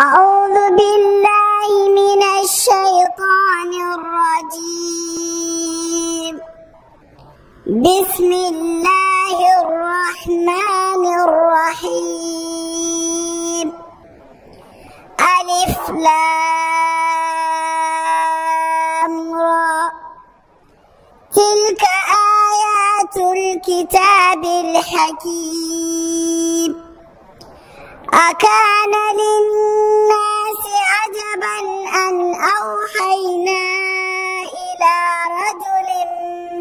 أعوذ بالله من الشيطان الرجيم بسم الله الرحمن الرحيم ألف لام را تلك آيات الكتاب الحكيم أكان للناس عجبا أن أوحينا إلى رجل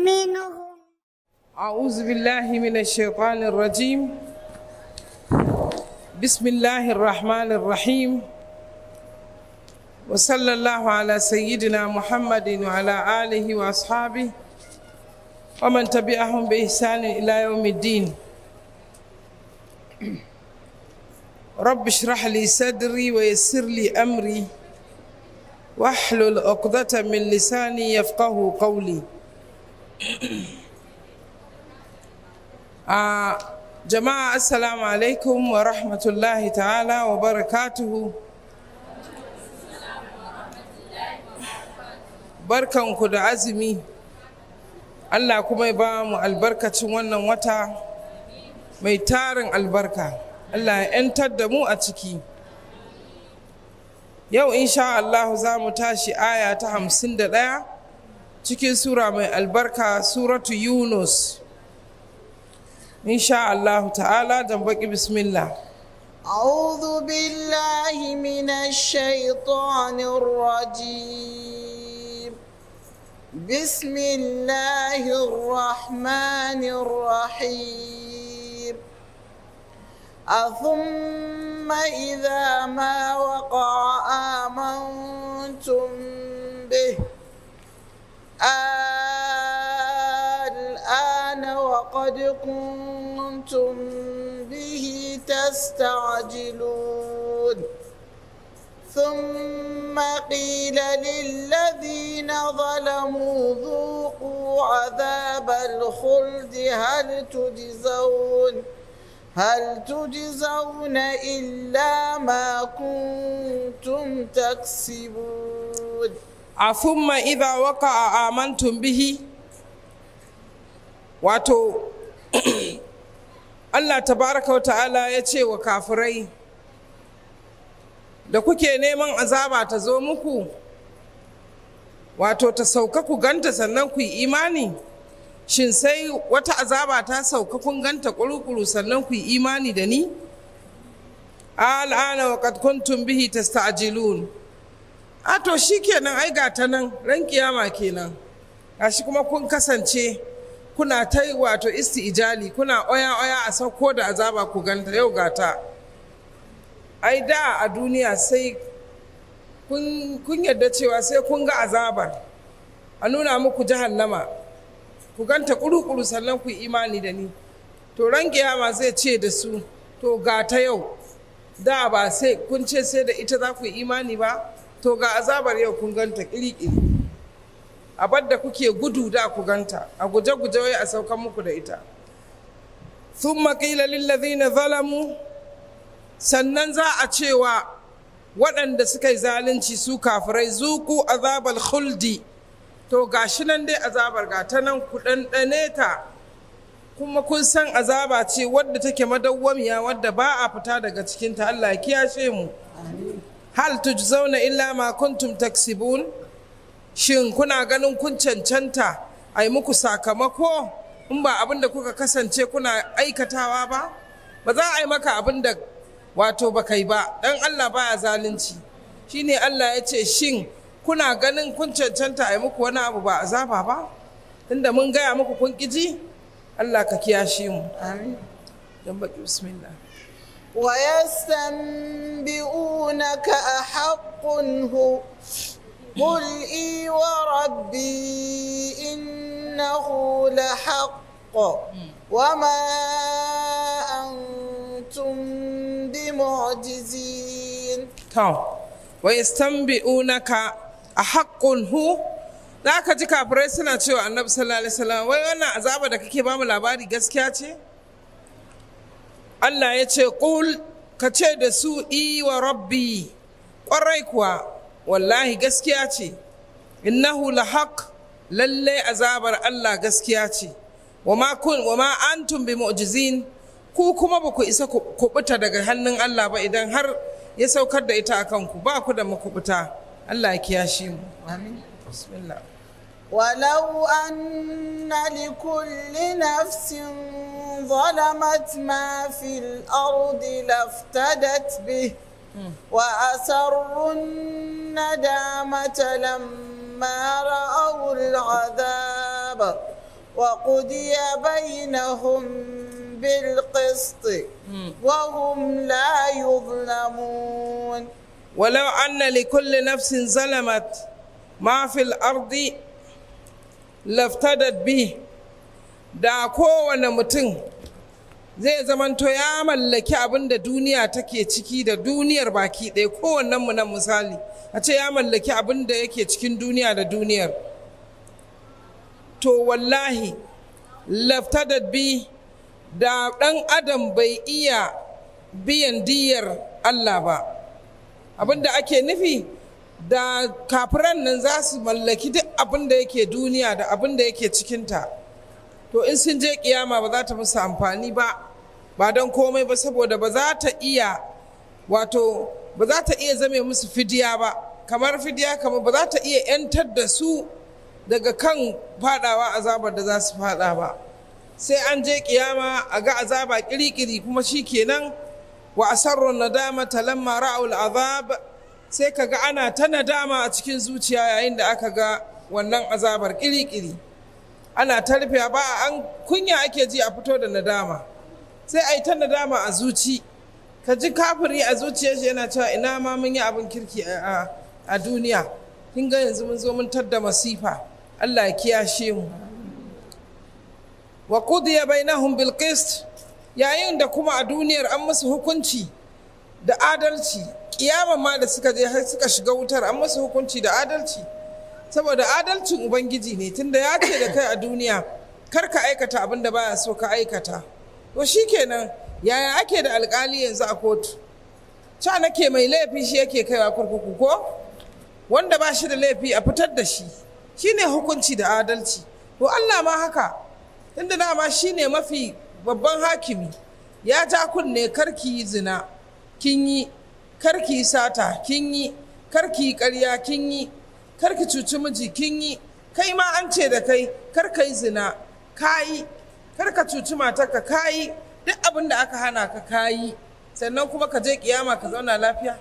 منهم أعوذ بالله من الشيطان الرجيم بسم الله الرحمن الرحيم وصلى الله على سيدنا محمد وعلى آله وأصحابه ومن تبعهم بإحسان إلى يوم الدين رب اشرح لي صدري ويسر لي أمري واحلل عقدة من لساني يفقه قولي آه جماعة السلام عليكم ورحمة الله تعالى وبركاته بركة da عزمي الله كما يبام البركة mu albarkacin wannan wata mai Allah ya 'yantar da mu a ciki yau insha Allah za mu tashi aya ta hamsin da ɗaya cikin sura mai albarka suratu yunus insha Allah ta'ala dan baki bismillah أعوذ بالله من الشيطان الرجيم بسم الله الرحمن الرحيم أثم إذا ما وقع آمنتم به الآن وقد كنتم به تستعجلون ثم قيل للذين ظلموا ذوقوا عذاب الخلد هل تجزون هل تجزون إلا ما كنتم تكسبون أثم إذا وقع آمنتم به واتو Allah tabaraka wa ta'ala ya ce wa kafirai da kuke neman azaba ta zo muku wato ta sauka ku ganta sannan kuyi imani shin sai wata azaba ta sauka kun ganta kurukuru sannan ku yi imani da ni al'ana wa qad kuntum bihi tasta'jilun a to shikenan ai ga ta nan ran kiyama kenan gashi kuma kun kasance kuna ta wato isti'jali kuna oya oya a sauko da azaba ku ganta yau gata ai da a duniya sai kun yarda cewa sai kun ga azabar a nuna muku jahannama ku ganta kuru-kuru sannan ku imani da ni to ran kiyama zai ce da su to ga ta yau da ba sai kun ce sai da ita za ku yi imani ba to ga azabar yau kun ganta kiri-kiri abar da kuke gudu da ku ganta a guje-guje wai a saukan muku da ita sun maƙila lillazina zalamu sannan za a cewa waɗanda suka yi zalunci su kafirai zuku azabal Huldi. to gashi nan dai azabar ga ta nan ku ɗanɗane ta kuma kun san azaba ce wadda take madawwamiya wadda ba a fita daga cikinta Allah ya ce mu hal tujzauna illa ma kuntum taksibun shin kuna ganin kun cancanta a yi muku sakamako in ba abin da kuka kasance kuna aikatawa ba ba za a yi maka abin da wato ba kai ba dan Allah baya zalunci shine Allah ya ce shin kuna ganin kun cancanta a yi muku wani abu ba zaba ba tunda mun gaya muku kun ƙiji Allah ka kiyashe mu amin dan baki bismillah wa yastanbi'unaka ahaqqun hu قل إي وربي إنه لحق وما أنتم بمعجزين. تو ويستنبئونك a haƙƙun hu za ka ji kafirai suna cewa annabi sallallahu alaihi wasallam wai wannan azaba da kake bamu labari gaskiya ce Allah ya ce ƙul ka ce da su i wa rabbi ƙwarai kuwa wallahi gaskiya ce innahu lahaq lalle azabar Allah gaskiya ce wa ma kun wa ma antum bi mu'jizin ku kuma ba ku isa ku kubuta daga hannun Allah ba idan har ya saukar da ita a kanku, ba ku da makubuta الله يكياشيم آمين بسم الله ولو أن لكل نفس ظلمت ما في الأرض لافتدت به وأسروا الندامة لما رأوا العذاب وقضي بينهم بالقسط وهم لا يظلمون ولو أن لكل نفس ظلمت ما في الأرض laftadat bi da kowane mutum zai zamanto ya mallaki abin da duniya take ciki da duniyar baki ɗaya kowannen mu nan misali a ce ya mallaki abin da yake cikin duniya da duniyar to wallahi laftadat bi da ɗan adam bai iya biyan diyar allah ba abin da ake nufi da kafiran nan za su mallaki duk abin da yake duniya da abin da yake cikinta to in sun je kiyama ba za ta musu amfani ba ba don komai ba saboda ba za ta iya wato ba za ta iya zame musu fidiya ba kamar fidiya kamar ba za ta iya 'yantar da su daga kan fadawa azabar da za su fada ba sai an je kiyama a ga azaba kirikiri kuma shi kenan wa asarru nadamata lamma ra'u al'azab sai kaga ana ta nadama a cikin zuciya yayin da aka ga wannan azabar kiri-kiri ana ta rufe ba an kunya ake ji a fito da nadama sai a yi ta nadama a zuci ka ji kafiri a zuciyar shi yana cewa ina ma mun yi abin kirki a duniya kin ga yanzu mun zo mun tadda masifa Allah ya kiyashe mu wa qudiya bainahum bil qist yayin da kuma a duniyar an musu hukunci da adalci kiyama ma da suka je har suka shiga wutar an musu hukunci da adalci saboda adalcin ubangiji ne tunda ya ce da kai a duniya kar ka aikata abin da baya so ka aikata to shikenan yaya ake da alkali yanzu a kotu ca nake mai laifi shi yake kaiwa kurkuku ko wanda ba shi da laifi a fitar da shi shine hukunci da adalci to Allah ma haka tunda dama shine mafi babban hakimi ya ja kunne karki zina kin yi karki sata kin yi karki karya kin yi karki cuci miji kin yi kai ma an ce da kai karka yi zina kayi karka cuci matarka kayi duk abin da aka hana ka kayi sannan kuma ka je kiyama ka zauna lafiya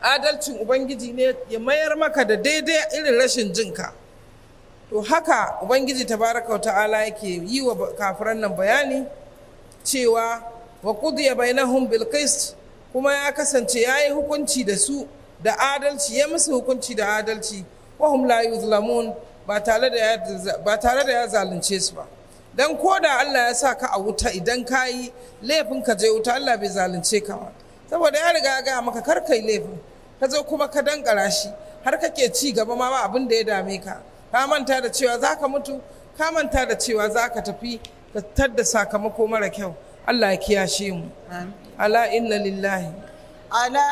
adalcin ubangiji ne ya mayar maka da daidai irin rashin jinka to haka ubangiji ta tabaraka ta'ala yake yi wa kafiran nan bayani cewa wa ya bainahum bil qist kuma ya kasance yayi hukunci da su da adalci ya musu hukunci da adalci wa hum la yuzlamun ba tare da ya zalunce su ba dan ko da Allah ya sa ka a wuta idan ka yi laifin ka je wuta Allah bai zalunce ka ba saboda ya riga ya gaya maka kar laifin ka zo kuma ka dankara shi har kake ci gaba ma ba abin da ya dame ka ka manta da cewa za ka mutu ka manta da cewa za ka tafi ka da sakamako mara kyau Allah ya kiyashe mu ala inna lillahi ala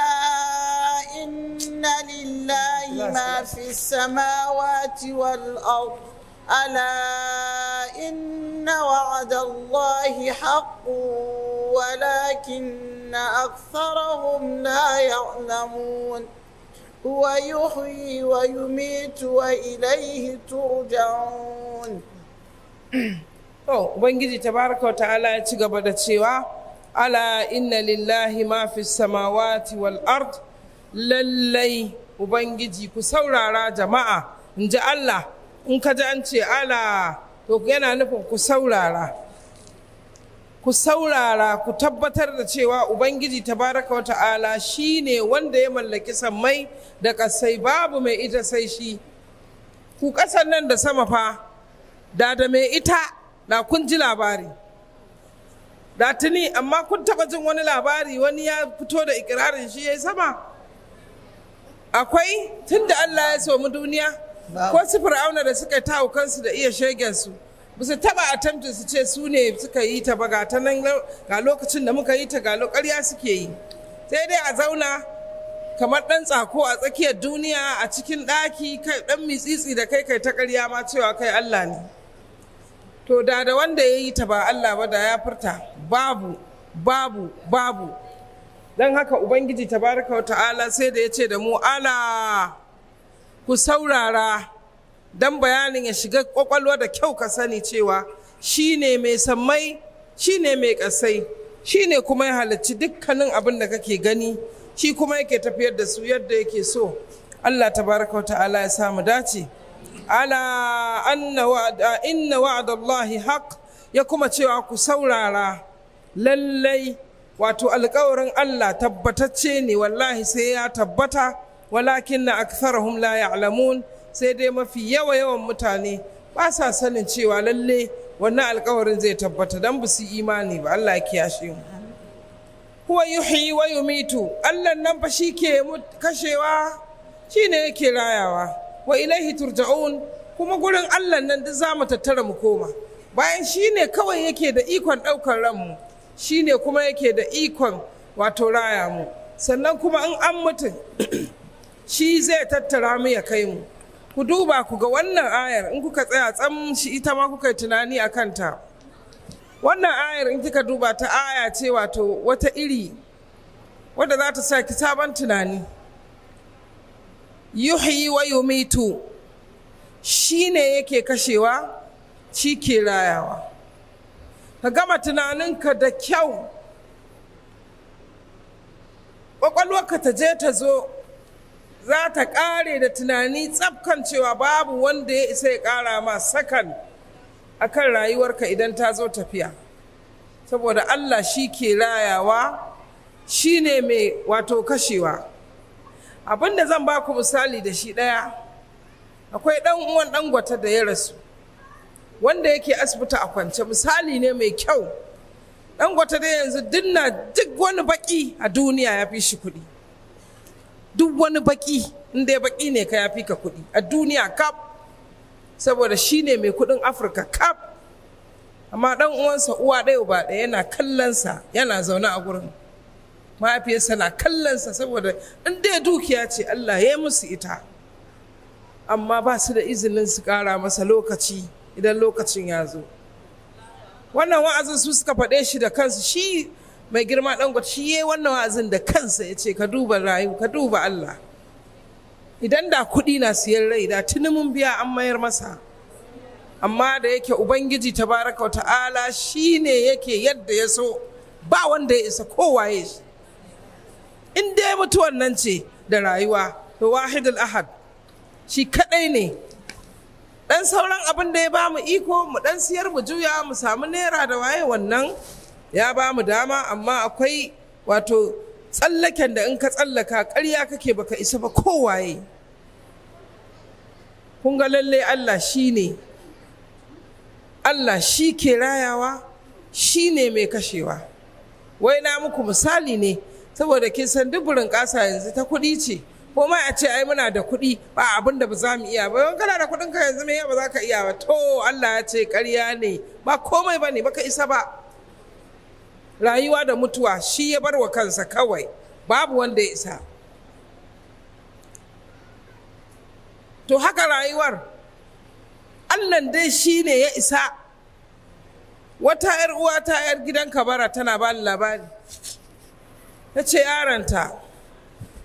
inna lillahi ma fi samawati wal ard ala inna wa'ada Allahi haqqun walakinna aktharahum la ya'lamun هو يحيي ويميت وإليه ترجعون Oh! Ubangiji tabaraka wa ta'ala ya ci gaba da cewa, Ala inna lillahi ma fi samawati wal ard lallai Ubangiji ku saurara jama'a, in ji Allah, in ka ji an ce, Ala, to yana nufin ku saurara. ku saurara ku tabbatar da cewa ubangiji ta tabaraka wa ta'ala ne wanda ya mallaki sammai da kasai babu mai ita sai shi ku kasan nan da sama fa da da mai ita na kun ji labari da tuni amma kun taba jin wani labari wani ya fito da ikirarin shi ya sama akwai tun da allah ya somi duniya ko su fir'auna da suka yi kansu da iya shegensu su ba su taba attempting su ce su ne suka yi ta ba ga ta nan ga lokacin da muka yi ta ga ƙarya suke yi sai dai a zauna kamar ɗan tsako a tsakiyar duniya a cikin ɗaki kai ɗan mitsitsi da kai kai ta ƙarya ma cewa kai Allah ne to da da wanda ya yi ta ba Allah ba da ya furta babu babu babu don haka ubangiji tabaraka wa ta'ala sai da ya ce da mu ala ku saurara don bayanin ya shiga kwakwalwa da kyau ka sani cewa shi ne mai sammai shi ne mai ƙasai shi ne kuma ya halarci dukkanin abin da kake gani shi kuma yake tafiyar da su yadda yake so allah baraka wa ta'ala ya samu dace ala inna wa'adallahi haq ya kuma cewa ku saurara lallai wato alkawarin allah tabbatacce ne wallahi sai ya tabbata walakin na aktharahum la ya'lamun sai dai mafi yawa yawan mutane ba sa sanin cewa lalle wannan alkawarin zai tabbata don ba su imani ba Allah ya kiyashe mu huwa yuhyi wa yumitu Allah nan fa shi ke kashewa shi ne yake rayawa wa ilaihi turja'un kuma gurin Allah nan duk za mu tattara mu koma bayan shi ne kawai yake da ikon ɗaukar ranmu shi ne kuma yake da ikon wato raya mu sannan kuma in an mutum shi zai tattara mu ya kai mu ku duba ku ga wannan ayar in kuka tsaya tsam shi ita ma kuka yi tunani a kanta wannan ayar in kika duba ta aya ce wato wata iri wadda za ta sa ki sabon tunani yuhyi wa yumitu shi ne yake kashewa shi ke rayawa ka gama tunaninka da kyau ƙwaƙwalwarka ta je ta zo za ta ƙare da tunani tsafkan cewa babu wanda ya isa ya ƙara ma sakan a kan rayuwarka idan ta zo tafiya saboda Allah shi ke rayawa shi ne mai wato kashewa abin da zan ba ku misali da shi ɗaya akwai ɗan uwan ɗan gwata da ya rasu wanda yake asibiti a kwance misali ne mai kyau ɗan gwata da yanzu duk wani baƙi a duniya ya fi shi kuɗi duk wani baki in dai baki ne ka yafi ka kuɗi a duniya kap saboda shi ne mai kuɗin afirka kap amma ɗan uwansa uwa ɗaya ba ɗaya yana kallonsa yana zaune a gurin mahaifiyarsa na kallonsa saboda in dai dukiya ce allah ya yi musu ita amma ba su da izinin su ƙara masa lokaci idan lokacin ya zo wannan wa'azin su suka faɗe shi da kansu shi mai girma ɗan shi yayi wannan wa'azin da kansa ya ce ka duba rayu ka duba Allah idan da kuɗi na siyan rai da tuni mun biya an mayar masa amma da yake ubangiji baraka wa ta'ala ne yake yadda ya so ba wanda ya isa kowaye shi in dai mutuwan nan ce da rayuwa to wahidul ahad shi kaɗai ne dan sauran abin da ya ba mu iko mu dan siyar mu juya mu samu naira da waye wannan ya ba mu dama amma akwai wato tsallaken da in ka tsallaka karya kake baka isa ba kowaye kun ga lalle Allah shi ne Allah shi ke rayawa shi ne mai kashewa wai na muku misali ne saboda kin san duburin ƙasa yanzu ta kuɗi ce ko ma a ce ai muna da kuɗi ba abin da ba za mu iya ba in kana da kuɗin ka yanzu me ba za ka iya ba to Allah ya ce ƙarya ne ba komai ba ne baka isa ba rayuwa da mutuwa shi ya bar wa kansa kawai babu wanda ya isa to haka rayuwar allah dai shi ne ya isa wata 'yar uwa ta 'yar gidan kabara tana ba ni labari ta ce yaranta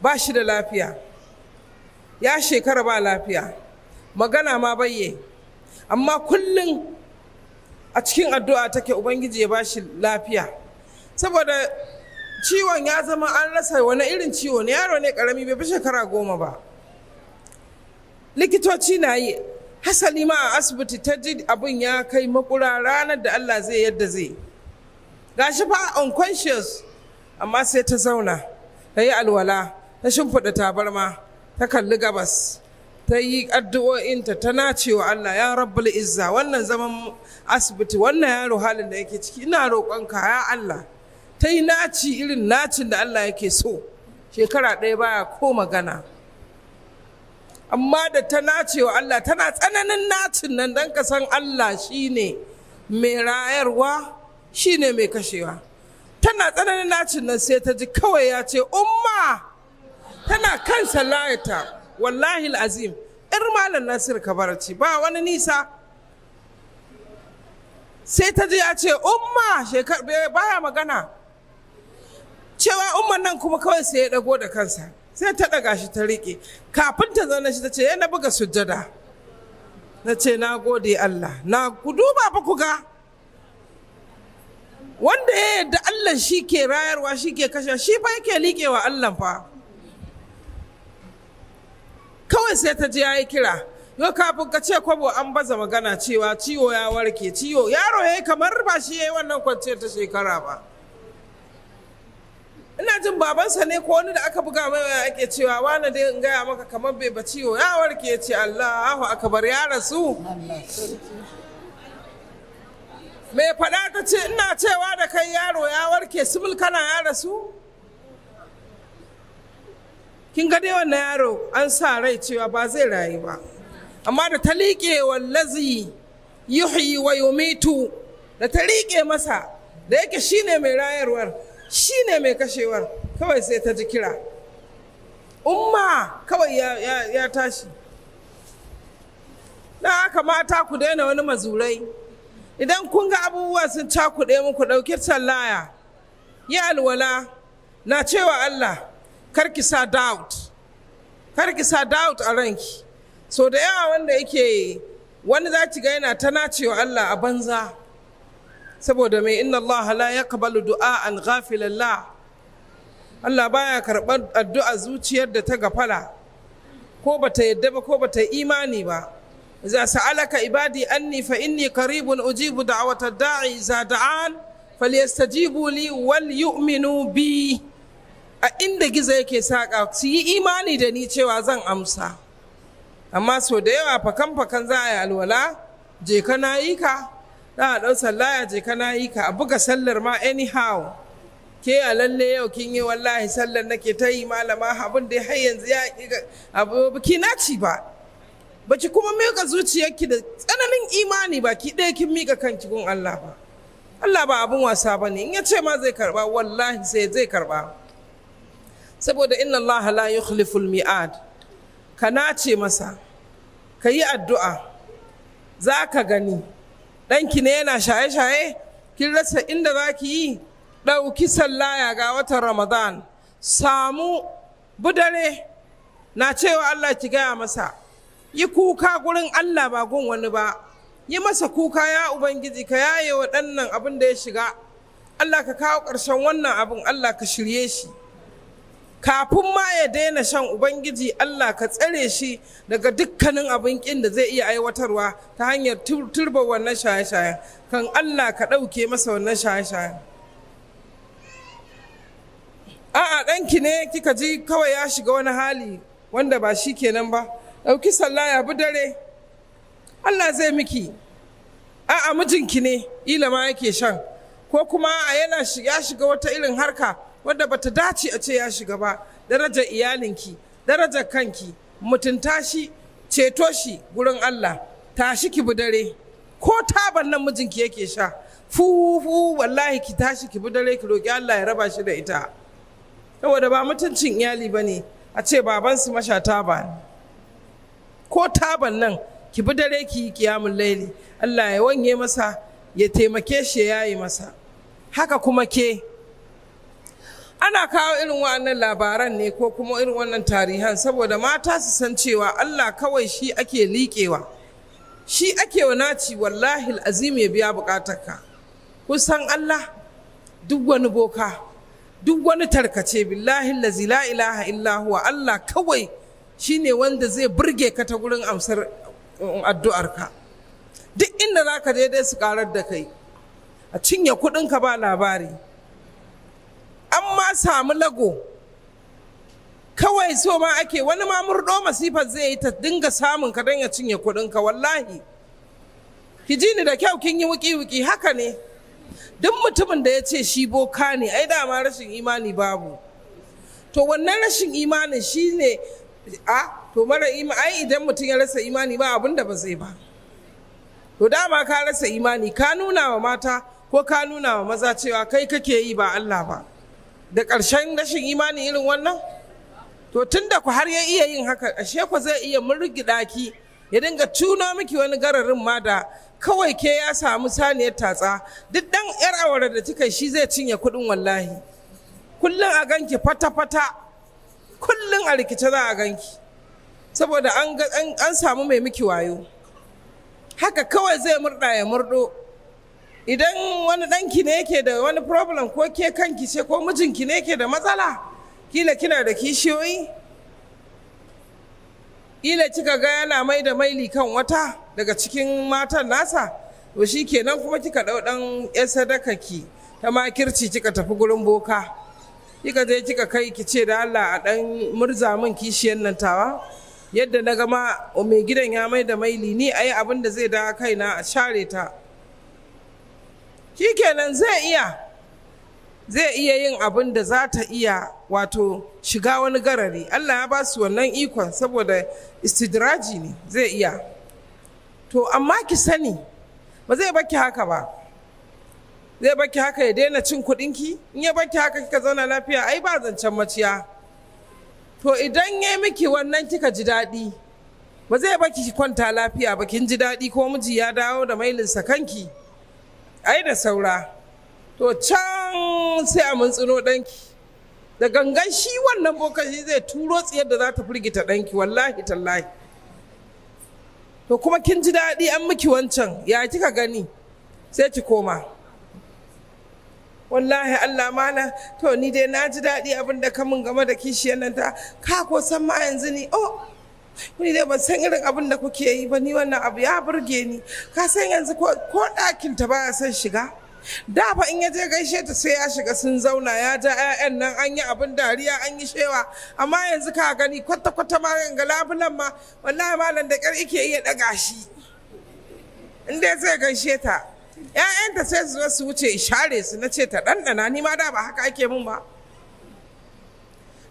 ba shi da lafiya ya shekara ba lafiya magana ma bayye amma kullum a cikin addu'a take ubangiji ya ba shi lafiya saboda ciwon ya zama an rasa wani irin ciwo ne yaro ne karami bai fi shekara goma ba likitoci na yi hasali ma a asibiti ta ji abin ya kai makura ranar da allah zai yadda zai gashi fa unconscious amma sai ta zauna ta yi alwala ta shimfiɗa tabarma ta kalli gabas ta yi addu'o'inta ta nace wa Allah ya rabbul izza wannan zaman asibiti wannan yaro halin da yake ciki ina roƙonka ya Allah ta yi naci irin nacin da Allah yake so shekara ɗaya baya ko magana amma da ta nace Allah tana tsananin nacin nan don ka san Allah shi ne mai rayarwa shi ne mai kashewa tana tsananin nacin nan sai ta ji kawai ya ce umma tana kan salayata wallahi azim yar malam nasir kabarci ba wani nisa sai ta ji ya ce umma baya magana cewa umman nan kuma kawai sai ya dago da kansa sai ta daga shi ta riƙe kafin ta zauna shi ta ce yana buga sujjada na ce na gode Allah na ku duba ba ku ga wanda ya yarda Allah shi ke rayarwa shi ke kashe shi fa yake liƙewa Allah fa kawai sai ta ji ya yi kira yau kafin ka ce kwabo an baza magana cewa ciwo ya warke ciwo yaro ya yi kamar ba shi ya yi wannan kwanciyar ta shekara ba ina jin babansa ne ko wani da aka buga mai ake cewa wani dai in gaya maka kamar bai baci ya warke ya ce Aka bar ya rasu mai faɗa ta ce ina cewa da kai yaro ya warke sibil kana ya rasu kin ga dai wannan yaro an sa rai cewa ba zai rayu ba amma da ta liƙe wallazi yuhyi wa yumitu da ta liƙe masa da yake shine mai rayarwar shi ne mai kashewar kawai sai ta ji kira umma kawai ya, tashi na haka mata ku daina wani mazurai idan kun ga abubuwa sun cakuɗe muku ɗauki sallaya yi alwala na cewa allah karki sa doubt karki sa doubt a ranki so da yawa wanda yake wani za ki ga yana ta nacewa allah a banza saboda mai inna Allah la yaqbalu du'a'an ghafilan la Allah baya karɓar addu'a zuciyar da ta gafala ko bata yadda ba ko bata imani ba za sa'alaka ibadi anni fa inni qaribun ujibu da'wata da'i za da'an falyastajibu li wal yu'minu bi a inda gizo yake saƙa su yi imani da ni cewa zan amsa amma sau da yawa fakan fakan za a yi alwala je ka na yi ka da a ɗau sallah ya je kana yi ka buga sallar ma anyhow ke a lalle yau kin yi wallahi sallar nake ta yi malama abin da har yanzu ya abu ki ci ba baki kuma miƙa zuciyarki da tsananin imani baki ɗaya kin miƙa kanki gun Allah ba Allah ba abin wasa ba ne in ya ce ma zai karɓa wallahi sai zai karɓa. saboda inna Allah la yukhliful mi'ad ka nace masa ka yi addu'a za ka gani ɗanki ne yana shaye-shaye kin rasa inda za ki yi ɗauki sallaya ga watan ramadan samu budare na cewa allah ki gaya masa yi kuka gurin allah ba gun wani ba yi masa kuka ya ubangiji ka yaye waɗannan abin da ya shiga allah ka kawo ƙarshen wannan abin allah ka shirye shi kafin ma ya daina shan ubangiji Allah ka tsare shi daga dukkanin abin kin da zai iya aiwatarwa ta hanyar turba wannan shaye-shayen kan Allah ka ɗauke masa wannan shaye-shayen a'a ɗanki ne kika ji kawai ya shiga wani hali wanda ba shi kenan ba ɗauki sallah ya bi dare Allah zai miki a'a mijinki ne ila ma yake shan ko kuma a yana ya shiga wata irin harka wadda bata dace a ce ya shiga ba daraja iyalinki daraja kanki mutunta shi ceto shi gurin Allah tashi ki budare ko taban nan mijinki yake sha fufu wallahi ki tashi ki budare ki roki Allah ya raba shi da ita saboda ba mutuncin iyali bane a ce baban babansu masha taba ko taban nan ki budare ki yi kiyamun laili Allah ya wanye masa ya taimake shi ya yi masa haka kuma ke ana kawo irin wannan labaran ne ko kuma irin wannan tarihan saboda mata su san cewa Allah kawai shi ake liƙewa shi ake wanaci wallahi azim ya biya ka. kusan Allah duk wani boka duk wani tarkace billahi lazi la ilaha illa huwa Allah kawai shine wanda zai burge ka ta gurin amsar um, addu'arka duk inda zaka ka daidai su karar da kai a cinye ka ba labari an ma samu lago kawai so ma ake wani ma murdo masifar zai yi ta dinga samun ka don ya cinye kuɗinka wallahi ki ji ni da kyau kin yi wuki-wuki haka ne duk mutumin da ya ce shi boka ne ai dama rashin imani babu to wannan rashin imanin shi ne a to mara imani ai idan mutum ya rasa imani ba abin da ba zai ba to dama ka rasa imani ka nuna wa mata ko ka nuna wa maza cewa kai kake yi ba Allah ba da ƙarshen rashin imani irin wannan to tun da ku har ya iya yin haka ashe ku zai iya murgida ki ya dinga tuno miki wani gararin ma da kawai ke ya samu saniyar tatsa duk dan yar awara da kika shi zai cinye kuɗin wallahi kullum a ganki fata-fata kullum a rikice za a ganki saboda an samu mai miki wayo haka kawai zai murda ya murdo. idan wani ɗanki ne yake da wani problem ko ke kanki ce ko mijinki ne yake da matsala kila kina da kishiyoyi kila kika ga yana mai da maili kan wata daga cikin matan nasa to shi kenan kuma kika ɗau ɗan ‘yan ki ta makirci kika tafi gurin boka kika je kika kai ki ce da Allah a ɗan murza min kishiyar nan tawa yadda na gama mai gidan ya mai da maili ni ayi abin da zai da kaina a share ta shi kenan zai iya zai iya yin abin da za ta iya wato shiga wani garari allah ya ba su wannan ikon saboda istidraji ne zai iya to amma ki sani ba zai baki haka ba zai baki haka ya daina cin kudinki in ya baki haka kika zauna lafiya ai ba zancen maciya to idan ya miki wannan kika ji daɗi ba zai baki kwanta lafiya ba kin ji daɗi ko miji ya dawo da mailinsa kanki ai da saura to can sai a tsino ɗanki da gangan shi wannan bokashi zai turo tsiyar da za ta firgita ɗanki wallahi tallahi to kuma kin ji daɗi an miki wancan ya kika gani sai ki koma wallahi Allah mana to ni dai na ji daɗi abin da mun game da kishiyar nan ta ka ko san ma yanzu ni oh ni dai ban san irin abin da kuke yi ba ni wannan abu ya burge ni ka san yanzu ko ɗakin ta baya son shiga da fa in ya je gaishe ta sai ya shiga sun zauna ya ja 'ya'yan nan an yi abin dariya an yi shewa amma yanzu ka gani kwata kwata ma ga labulan ma wallahi malam da ƙyar ike iya ɗaga shi in dai zai gaishe ta 'ya'yanta sai su zo su wuce share su na ce ta ɗanɗana ni ma da ba haka ake mun ba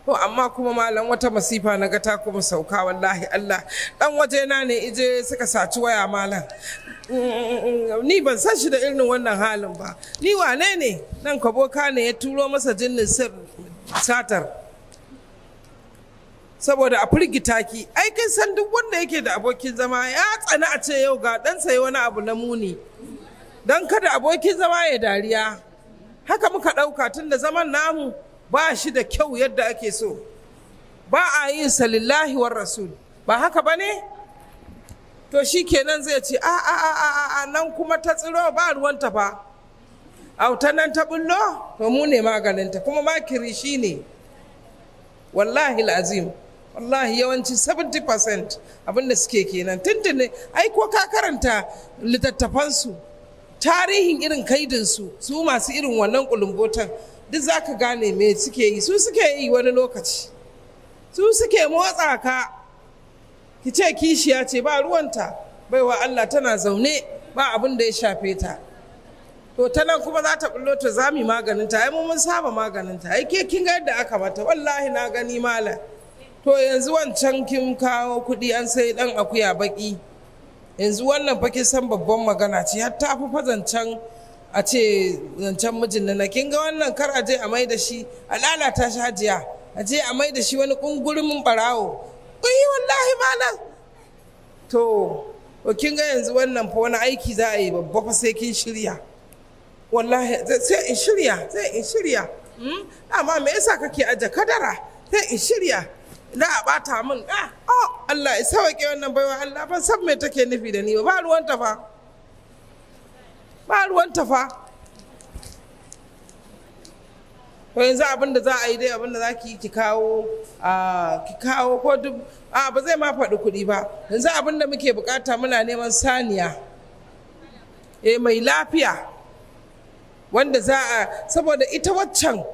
Ko amma kuma malam wata masifa na ga ta kuma sauka wallahi Allah dan wajena ne ije suka saci waya malam ni ban san shi da irin wannan halin ba ni wane ne nan kaboka ne ya turo masa jinnin sir satar saboda a firgita ki ai san duk wanda yake da abokin zama ya tsana a ce yau ga dan sai wani abu na muni dan kada abokin zama ya dariya haka muka ɗauka tun da zaman namu ba shi da kyau yadda ake so ba a yin salillahi lillahi war rasul ba haka ba ne to shi kenan zai ce a a a a a nan kuma ta tsiro ba ruwanta ba. auta nan ta bullo to mu ne maganinta kuma makiri shi ne wallahi azim wallahi yawanci 70% abinda suke kenan tuntuni ai ko ka karanta littattafansu tarihin irin kaidinsu su masu irin wannan kulumbotan duk za ka gane me suke yi su suke yi wani lokaci su suke motsa ka ki ce kishiya ce ba ruwanta baiwa Allah tana zaune ba abin da ya shafe ta to ta kuma za ta bullo ta zami maganinta ai mun saba maganinta ai ke kin ga yadda aka mata wallahi na gani malam to yanzu wancan kin kawo kudi an sai dan akuya baki yanzu wannan fa san babban magana ce har ta fi fazancan a ce zancen mijin na kin ga wannan kar a je a mai da shi a lalata shi hajiya a je a mai da shi wani kungurumin barawo kuyi wallahi ma nan. to kin ga yanzu wannan fa wani aiki za a yi babba fa sai kin shirya wallahi sai in shirya sai in shirya hmm? amma me yasa kake aje kadara sai in shirya na a bata min ah oh, Allah ya sauke wannan baiwa Allah ban san me take nufi da ni ba ruwanta fa ba ruwanta fa to yanzu abin da za a yi dai abin da za ki yi ki kawo ki kawo ko duk a ba zai ma faɗi kuɗi ba yanzu abin da muke bukata muna neman saniya E mai lafiya wanda za a saboda ita waccan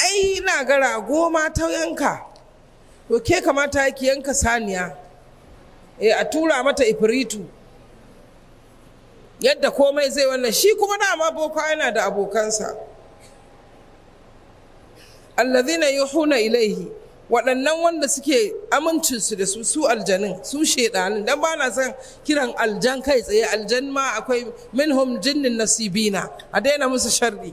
ai na ga rago ma ta yanka to ke kamata ki yanka saniya eh a tura mata ifiritu yadda komai zai wannan shi kuma dama boko yana da abokansa allazina yuhuna ilaihi waɗannan wanda suke amincinsu da su su aljanin su shaidanin dan ba na son kiran aljan kai tsaye aljan ma akwai minhum jinnin nasibina a daina musu sharri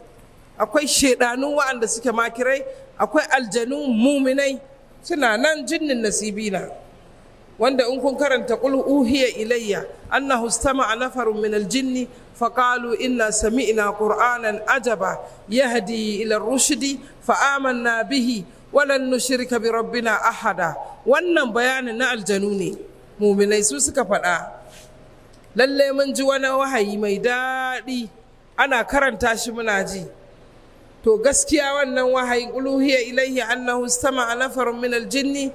akwai shaidanun wa'anda suke makirai akwai aljanu muminai suna nan jinnin nasibina wanda in kun karanta qul uhiya ilayya annahu istama'a nafarun min aljinni فقالوا إنا سمعنا قرآنا عجبا يهدي إلى الرشد فآمنا به ولن نشرك بربنا Ahada. wannan bayanin na aljanu ne muminai su suka faɗa lallai mun ji wani wahayi mai daɗi ana karanta shi muna ji to gaskiya wannan wahayin uluhiya ilayhi annahu sama'a nafarun min aljinni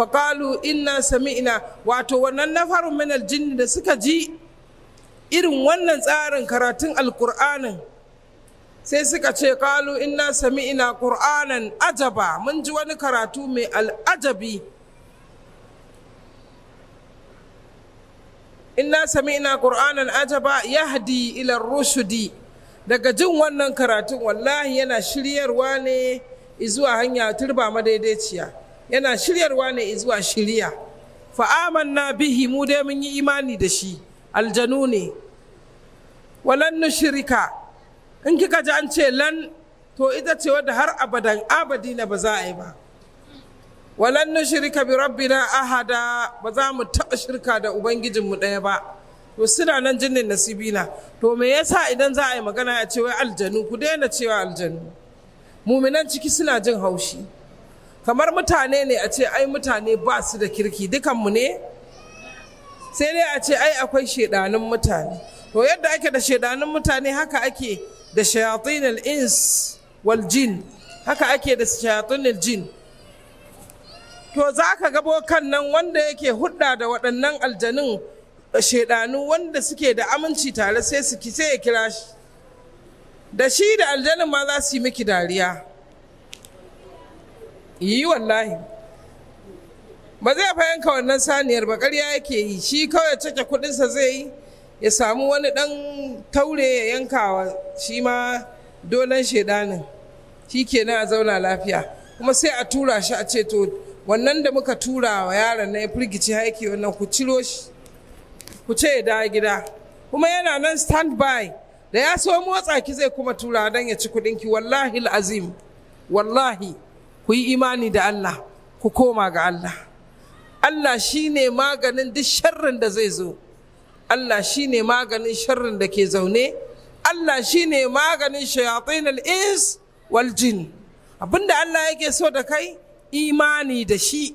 faƙalu inna sami'na wato wannan na farin min aljinni da suka ji irin wannan tsarin karatun alƙur'anin sai suka ce ƙalu inna ina, ƙur'anin ajaba mun ji wani karatu mai al'ajabi inna sami'na ƙur'anin ajaba yahdi ila rushudi daga jin wannan karatun wallahi yana shiryarwa ne zuwa hanya turba madaidaiciya yana shiryarwa ne zuwa shiriya na bihi mu dai mun yi imani da shi aljanu ne walan shirika in kika ji an ce lan to ita ce wadda har abadan abadi na ba za a yi ba walan nushrika bi rabbina ahada ba za mu taɓa shirka da ubangijin mu ɗaya ba to suna nan jinnin nasibina to me yasa idan za a yi magana a ce wai aljanu ku daina cewa aljanu muminan ciki suna jin haushi kamar mutane ne a ce ai mutane ba su da kirki dukanmu ne sai dai a ce ai akwai shedanin mutane to yadda ake da shedanin mutane haka ake da shayatunan ins wal jin haka ake da shayatunan jin to za ka gabo kan nan wanda yake hudda da waɗannan aljanun shaidanu wanda suke da aminci tare sai su sai ya kira shi da shi da aljanin ma za su yi miki dariya yi wallahi ba zai fa yanka wannan saniyar ba ƙarya yake yi shi kawai cike kudinsa zai yi ya samu wani ɗan taure ya yanka wa shi ma dolan shaidanin shi kenan a zauna lafiya kuma sai a tura shi a ce to wannan da muka tura wa yaron na ya firgici haiki wannan ku ciro shi ku ce ya dawo gida kuma yana nan stand by da ya so motsa ki zai kuma tura don ya ci kuɗinki wallahi azim wallahi ku yi imani da Allah ku koma ga Allah Allah shi ne maganin duk sharrin da zai zo Allah shi ne maganin sharrin da ke zaune Allah shi ne maganin shayatin al’is wal jin abinda Allah yake so da kai imani da shi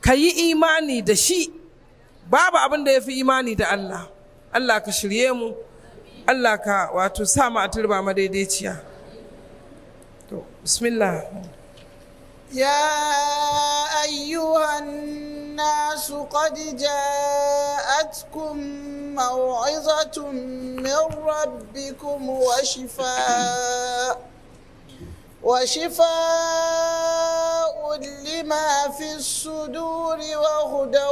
ka yi imani da shi babu abin da ya fi imani da Allah Allah ka shirye mu Allah ka wato sa ma a turba madaidaiciya bismillah يا أيها الناس قد جاءتكم موعظة من ربكم وشفاء وشفاء لما في الصدور وهدى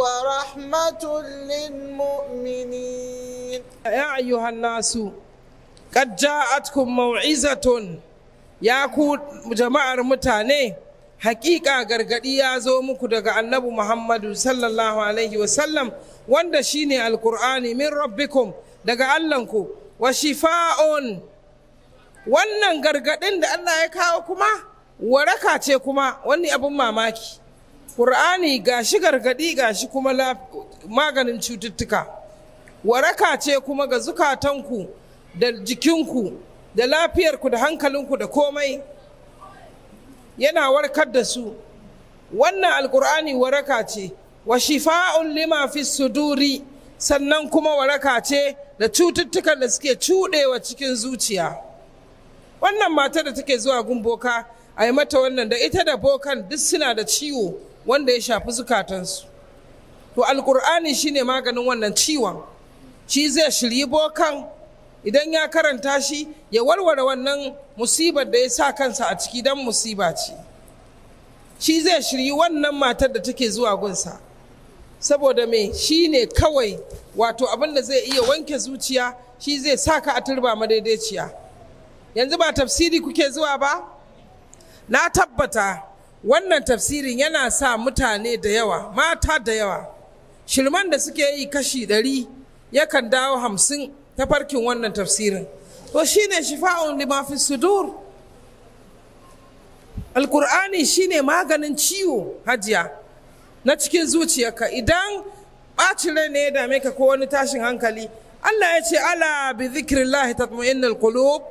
ورحمة للمؤمنين يا أيها الناس قد جاءتكم موعظة ya ku jama'ar mutane hakika gargadi ya zo muku daga annabi muhammadu sallallahu alaihi wasallam wanda shine alkur'ani min rabbikum daga allanku wa shifa'un wannan gargadin da allah ya kawo kuma waraka ce kuma wani abin mamaki ƙur'ani gashi gargadi gashi kuma maganin cututtuka waraka ce kuma ga zukatanku da jikinku da lafiyarku da hankalinku da komai yana warkar da su wannan alkur'ani waraka ce wa shifa'un lima fi suduri sannan kuma waraka ce da cututtukan da suke cuɗewa cikin zuciya wannan mata da take zuwa gun boka a yi mata wannan da ita da bokan duk suna da ciwo wanda ya shafi zukatansu to alkur'ani shine maganin wannan ciwon shi zai shirye bokan idan ya karanta shi ya warware wannan musibar da ya sa kansa a ciki don musiba ce shi zai shiryi wannan matar da take zuwa gunsa saboda me shi ne kawai wato abin da zai iya wanke zuciya shi zai sa ka a turba madaidaiciya yanzu ba tafsiri kuke zuwa ba na tabbata wannan tafsirin yana sa mutane da yawa mata da yawa shirman da suke yi kashi ɗari yakan dawo hamsin Ta farkin wannan tafsirin to shine shifa'un lima sudur alkur'ani shine maganin ciwo hajiya na cikin zuciyarka idan ɓacin rai ne ya dame ka ko wani tashin hankali allah ya ce ala bi zikrillahi tatma'innal qulub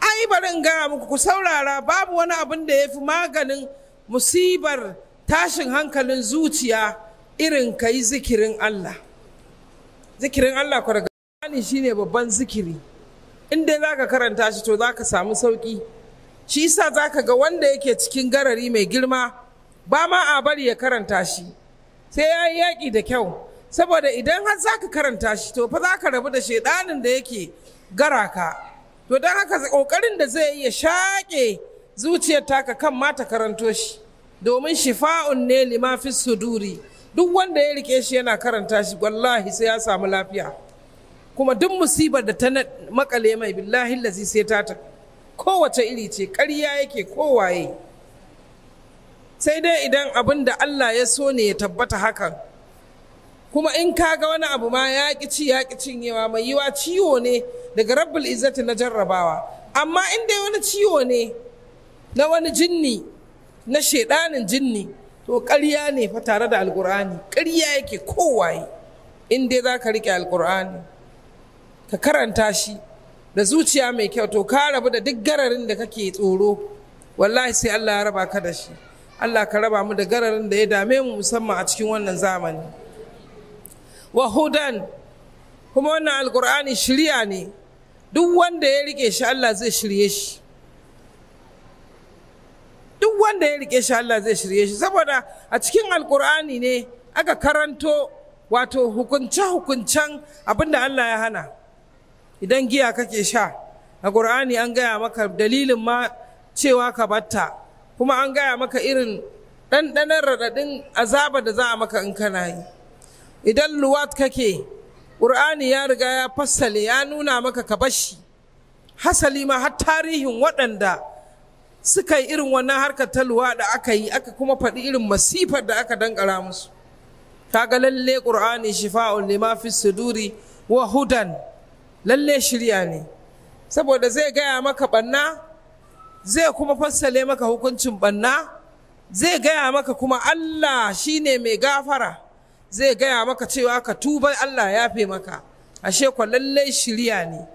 ai bari in gaya muku ku saurara babu wani abin da ya fi maganin musibar tashin hankalin zuciya irin ka yi zikirin allah zikirin allah Qur'ani shine babban zikiri in dai ka karanta shi to za ka samu sauƙi? shi za ka ga wanda yake cikin garari mai girma ba ma a bari ya karanta shi sai ya yi yaƙi da kyau saboda idan har za ka karanta shi to fa za ka rabu da shaidanin da yake gara ka to don haka ƙoƙarin da zai iya shaƙe zuciyar taka kan mata karanto shi domin shifa'un ne lima fi suduri duk wanda ya rike shi yana karanta shi wallahi sai ya samu lafiya kuma duk musibar da ta makale mai billahi lazi sai ta ta kowace iri ce ƙarya yake kowaye sai dai idan abin da Allah ya so ne ya tabbata hakan kuma in ka ga wani abu ma ya ki ci ya ƙi cinyewa mai yiwa ciwo ne daga rabbul izzati na jarrabawa amma in dai wani ciwo ne na wani jinni na shaidanin jinni to karya ne fa tare da alƙur'ani ƙarya yake kowaye in dai za ka riƙe alƙur'ani ka karanta shi da zuciya mai kyau to ka rabu da duk gararin da kake tsoro wallahi sai Allah ya raba ka da shi Allah ka raba mu da gararin da ya dame mu musamman a cikin wannan zamani wa hudan kuma wannan alkur'ani shirya ne duk wanda ya rike shi Allah zai shirye shi duk wanda ya rike shi Allah zai shirye shi saboda a cikin alkur'ani ne aka karanto wato hukunce-hukuncen abin da Allah ya hana idan giya kake sha a ƙur'ani an gaya maka dalilin ma cewa ka batta kuma an gaya maka irin ɗanɗanon raɗaɗin azaba da za a maka in kana yi idan luwat kake ƙur'ani ya riga ya fassale ya nuna maka ka bashi hasali ma har tarihin waɗanda suka yi irin wannan harkar ta luwa da aka yi aka kuma faɗi irin masifar da aka dankara musu kaga lalle ƙur'ani shifa'un lima fi suduri wa hudan lalle shirya ne saboda zai gaya maka banna zai kuma fassale maka hukuncin banna zai gaya maka kuma Allah shi ne mai gafara zai gaya maka cewa ka tuba Allah ya fi maka ashe kwa lalle shirya ne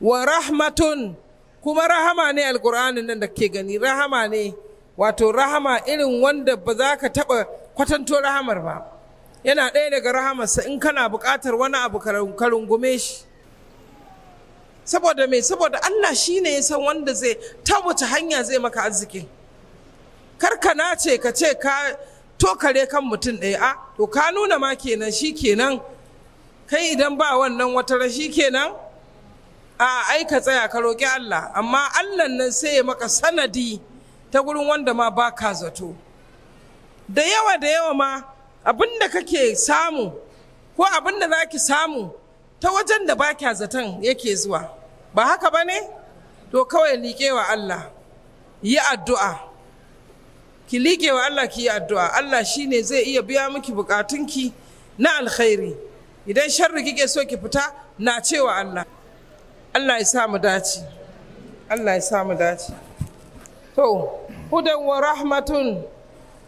wa rahmatun kuma rahama ne alkur'anin nan da ke gani rahama ne wato rahama irin wanda ba za ka taɓa kwatanto rahamar ba yana ɗaya daga rahamarsa in kana buƙatar wani abu ka rungume shi saboda me saboda Allah shi ne ya san wanda zai ta wace hanya zai maka arziki karka nace ka ce ka tokare kan mutum ɗaya a to ka nuna ma kenan shi kenan kai idan ba wannan wata rashi kenan a ai ka tsaya ka roƙi Allah amma Allah nan sai ya maka sanadi ta gurin wanda ma ba ka zato da yawa da yawa ma abin da kake samu ko abin da za samu ta wajen da ba zaton yake zuwa ba haka ba ne to kawai liƙe wa Allah yi addu'a ki liƙe wa Allah ki yi addu'a Allah shi ne zai iya biya miki buƙatunki na alkhairi idan sharri kike so ki fita na cewa Allah Allah ya samu dace Allah ya samu dace to hudan wa rahmatun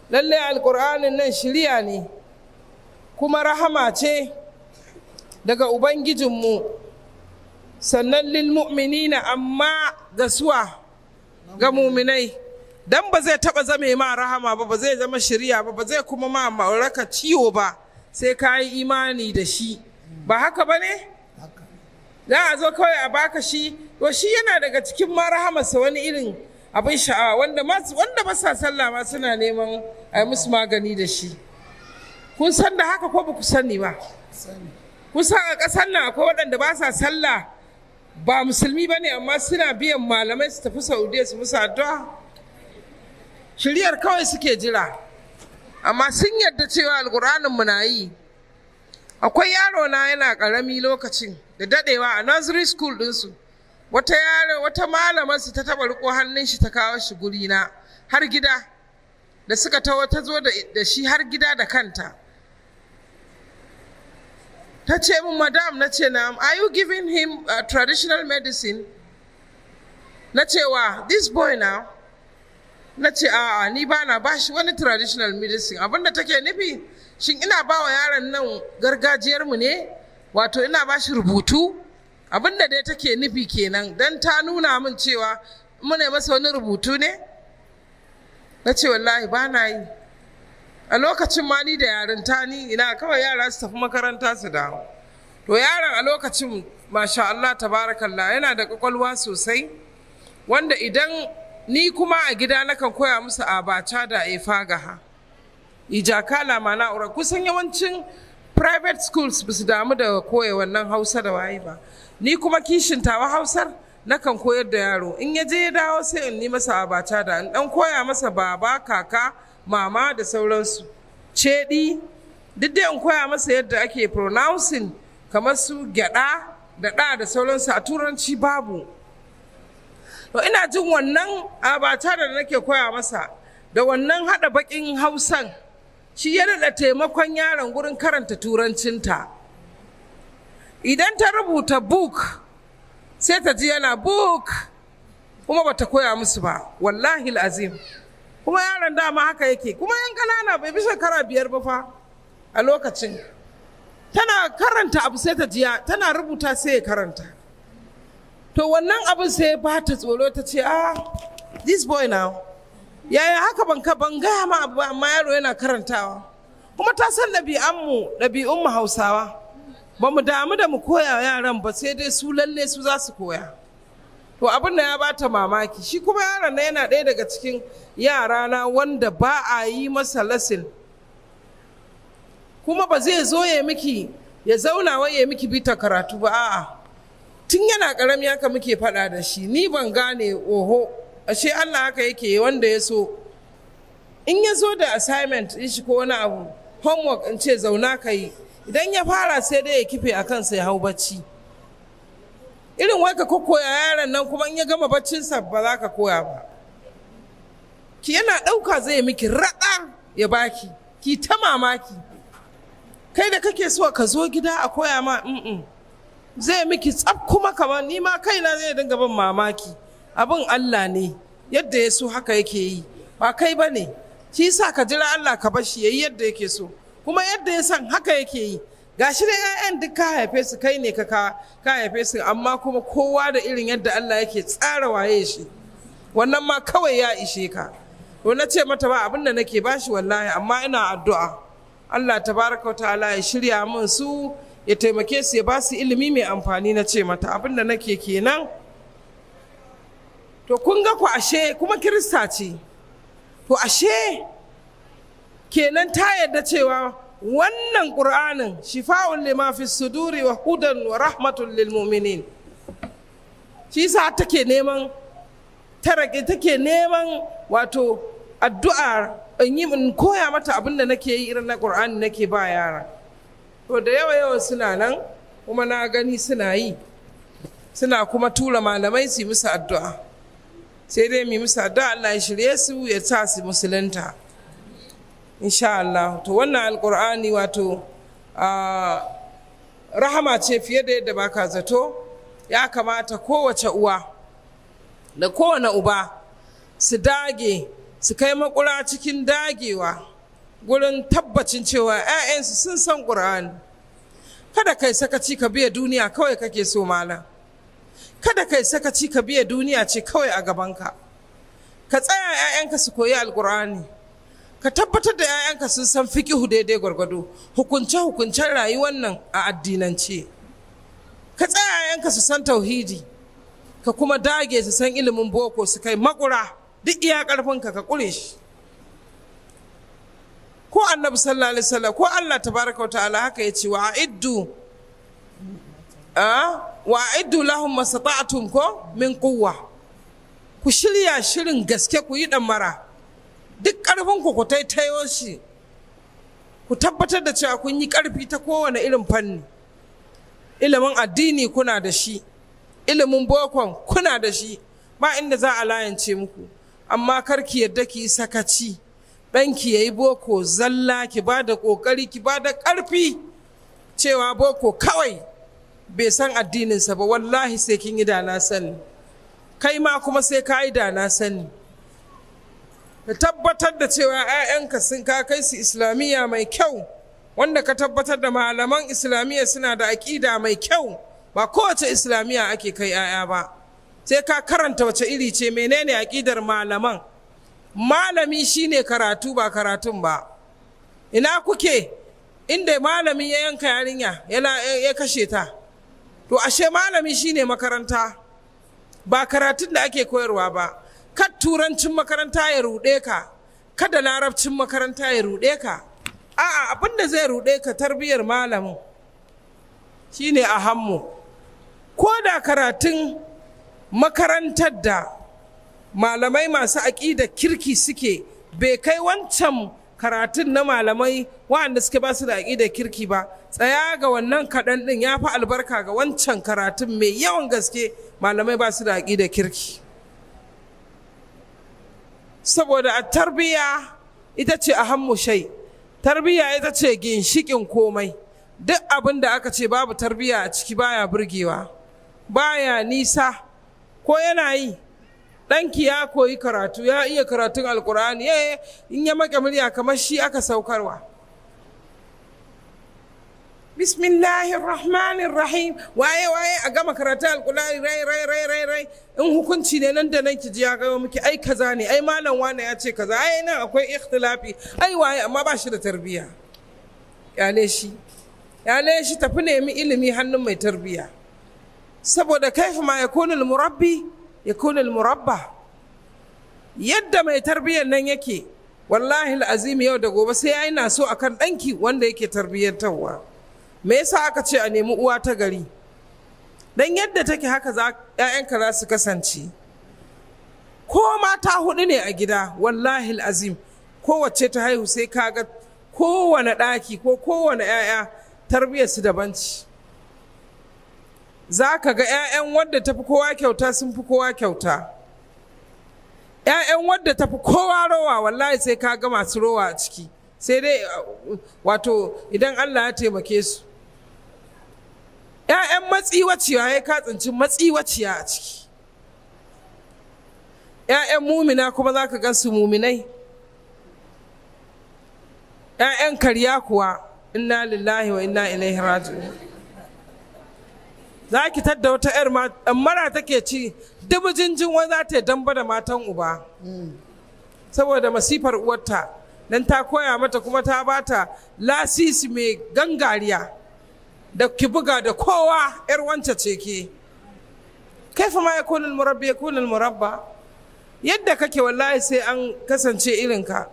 lalle alƙur'anin nan shirya ne kuma rahama ce daga ubangijinmu sannan lil na amma ga suwa ga muminai dan ba zai taba zame ma rahama ba ba zai zama shirya ba ba zai kuma ma mauraka ciwo ba sai ka yi imani da shi ba haka ba ne za a zo kawai a baka shi to shi yana daga cikin ma rahamarsa wani irin abin sha'awa wanda wanda ba sa sallah ma suna neman a yi musu magani da shi kun san da haka ko ba ku sani ba kun san a ƙasar nan akwai waɗanda ba sa sallah ba musulmi ba ne amma suna biyan malamai su tafi saudiya su musu addu'a shiryar kawai suke jira amma sun yarda cewa alƙur'anin mu na yi akwai yaro na yana ƙarami lokacin da dadewa a nursery school ɗinsu wata yaro wata malamar su ta taɓa riko hannun shi ta kawo shi guri na har gida da suka ta wata zo da shi har gida da kanta ta ce min madam na ce na'am are you giving him a uh, traditional medicine na cewa this boy now na ce a'a ni ba na ba wani traditional medicine abinda take nufi shin ina ba wa yaron nan gargajiyarmu ne wato ina ba shi rubutu abinda dai take nufi kenan don ta nuna min cewa muna masa wani rubutu ne na ce wallahi ba na yi a lokacin ma ni da ta ni ina kawai yara su tafi makaranta su dawo to yaron a lokacin masha Allah tabarakallah yana da kwakwalwa sosai wanda idan ni kuma a gida nakan koya musu abaca da ha ijakala ma na'ura kusan yawancin private schools ba su damu da koya wannan hausa da waye ba ni kuma kishin tawa hausar nakan koyar da yaro in ya je ya dawo sai in yi masa abaca da in dan koya masa baba kaka mama da sauransu cedi duk da in koya masa yadda ake pronouncing kamar su gyada da ɗa da sauransu a turanci babu to ina jin wannan abata da nake koya masa da wannan hada baƙin hausan shi ya da taimakon yaron gurin karanta turancinta idan ta rubuta book sai ta ji yana book kuma bata koya musu ba wallahi azim kuma yaron dama haka yake kuma yan ƙanana bai bi shekara biyar ba fa a lokacin tana karanta abu sai ta jiya tana rubuta sai ya karanta to wannan abin sai ba ta tsoro ta ce ah this boy now yaya haka ban ka ban gaya ma abu amma yaro yana karantawa kuma ta san ɗabi'anmu ɗabi'un mu hausawa ba mu damu da mu koya yaran ba sai dai su lalle su za su koya to abin da ya bata mamaki shi kuma yaron na yana ɗaya daga cikin yara na wanda ba a yi masa lasin kuma ba zai zo ya miki ya zauna wa ya miki bita karatu ba a'a tun yana karami haka muke faɗa da shi ni ban gane oho ashe Allah haka yake wanda ya so in ya zo da assignment in shi ko wani abu homework in ce zauna ka yi idan ya fara sai dai ya kife a kansa ya hau bacci irin wai ka koya yaron nan kuma in ya gama baccinsa ba za ka koya ba ki yana ɗauka zai miki raɗa ya baki ki ta mamaki kai da kake so ka zo gida a koya ma mm zai miki tsaf kuma kamar ni ma kaina zai dinga bin mamaki abin Allah ne yadda ya so haka yake yi ba kai bane ne shi sa ka jira Allah ka bashi yayi yadda yake so kuma yadda ya san haka yake yi gashi da 'ya'yan duk ka haife su kai ne ka ka haife su amma kuma kowa da irin yadda Allah yake tsara waye shi wannan ma kawai ya ishe ka to na ce mata ba abin da nake bashi wallahi amma ina addu'a Allah tabaraka wa ta'ala ya shirya min su ya taimake su ya ba su ilimi mai amfani na ce mata abin da nake kenan to kun ga ku ashe kuma kirista ce to ashe kenan ta yarda cewa wannan ƙur'anin shifa'un lima fi suduri wa hudan wa rahmatun lil shi sa take neman tarake take neman wato addu'a in yi in koya mata abinda nake yi irin na ƙur'ani nake ba yara to da yawa yawa suna nan kuma na gani suna yi suna kuma tura malamai su yi musu addu'a sai dai mu musu addu'a Allah ya shirye su ya sa su musulunta insha Allah to wannan alkur'ani wato rahama ce fiye da yadda baka zato ya kamata kowace uwa da kowane uba su dage su kai makura cikin dagewa gurin tabbacin cewa 'ya'yansu sun san ƙur'ani kada kai sakaci ka biya duniya kawai kake so mala kada kai sakaci ka biya duniya ce kawai a gabanka ka tsaya 'ya'yanka su koyi alƙur'ani ka tabbatar da 'ya'yanka sun san fikihu daidai gwargwado hukunce-hukuncen rayuwar nan a addinance ka tsaya 'ya'yanka su san tauhidi ka kuma dage su san ilimin boko su kai makura duk iya ƙarfinka ka ƙure shi ko annabi sallallahu alaihi wasallam ko Allah tabaraka wa ta'ala haka ya ce wa iddu ah, wa iddu lahum masata'tum ko min quwwa ku shirya shirin gaske ku yi dan mara duk ƙarfin ku ku taitayo shi ku tabbatar da cewa kun yi ƙarfi ta kowane irin fanni ilimin addini kuna da shi ilimin bokon kuna da shi ba inda za a layance muku amma kar ki yadda ki sakaci ɗanki ya yi boko zalla ki ba da ƙoƙari ki ba da ƙarfi cewa boko kawai bai san addininsa ba wallahi sai kin yi da na sani kai ma kuma sai ka yi da na sani ka tabbatar da cewa 'ya'yanka sun ka kai su islamiyya mai kyau wanda ka tabbatar da malaman islamiyya suna da aƙida mai kyau ba kowace islamiyya ake kai 'ya'ya ba sai ka karanta wace iri ce menene aƙidar malaman malami shine karatu ba karatun ba ina kuke inda malami ya yanka yarinya ya kashe ta to ashe malami shine makaranta ba karatun da ake koyarwa ba kad turancin makaranta ya ruɗe ka kada larabcin makaranta ya ruɗe ka a'a abin da zai ruɗe ka tarbiyyar malamin shine a hammu ko da karatun makarantar da malamai masu aƙidar kirki suke bai kai wancan karatun na malamai waɗanda suke ba su da aƙidar kirki ba tsaya ga wannan kaɗan ɗin ya fi albarka ga wancan karatun mai yawan gaske malamai ba su da aƙidar kirki saboda a tarbiya ita ce a shai tarbiya ita ce ginshikin komai duk abin da aka ce babu tarbiya a ciki baya burgewa baya nisa ko yana yi ɗanki ya koyi karatu ya iya karatun alkur'ani eh, in ya maka murya kamar shi aka saukarwa bismillahir rahmanir rahim waye waye a gama karatu alkulari rai rai rai rai rai in hukunci ne nan da nan ki ji ya gawo miki ai kaza ne ai malam wane ya ce kaza ai nan akwai ikhtilafi ai waye amma ba shi da tarbiya yale shi shi tafi nemi ilimi hannun mai tarbiya saboda kaifa ma yakunul murabbi yakunul murabba yadda mai tarbiyyar nan yake wallahi al'azim yau da gobe sai ya yi naso akan ɗanki wanda yake tarbiyyantarwa. me yasa aka ce a nemi uwa ta gari Don yadda take haka za ƴaƴanka za su kasance ko mata hudu ne a gida wallahi azim kowace ta haihu sai ka ga kowane ɗaki ko kowane ƴaƴa tarbiyyar su daban ci za ka ga ƴaƴan wadda ta fi kowa kyauta sun fi kowa kyauta ƴaƴan wadda ta fi kowa rowa wallahi sai ka ga masu rowa a ciki sai dai wato idan Allah ya taimake su ‘ya'yan matsiwaciya ya ka tsinci matsiwaciya a ciki ‘ya'yan mumina kuma za ka gansu muminai ‘ya'yan karya kuwa inna lillahi wa inna ilaihi raju za ki tadda wata ‘yar mara take ci dubu jinjin wani za ta yi damba da matan uba saboda masifar uwarta don ta koya mata kuma ta bata lasisi mai gangariya da ki buga da kowa yar wance ce ke kaifa ma yakunul murabbi yakunul murabba yadda kake wallahi sai an kasance irin ka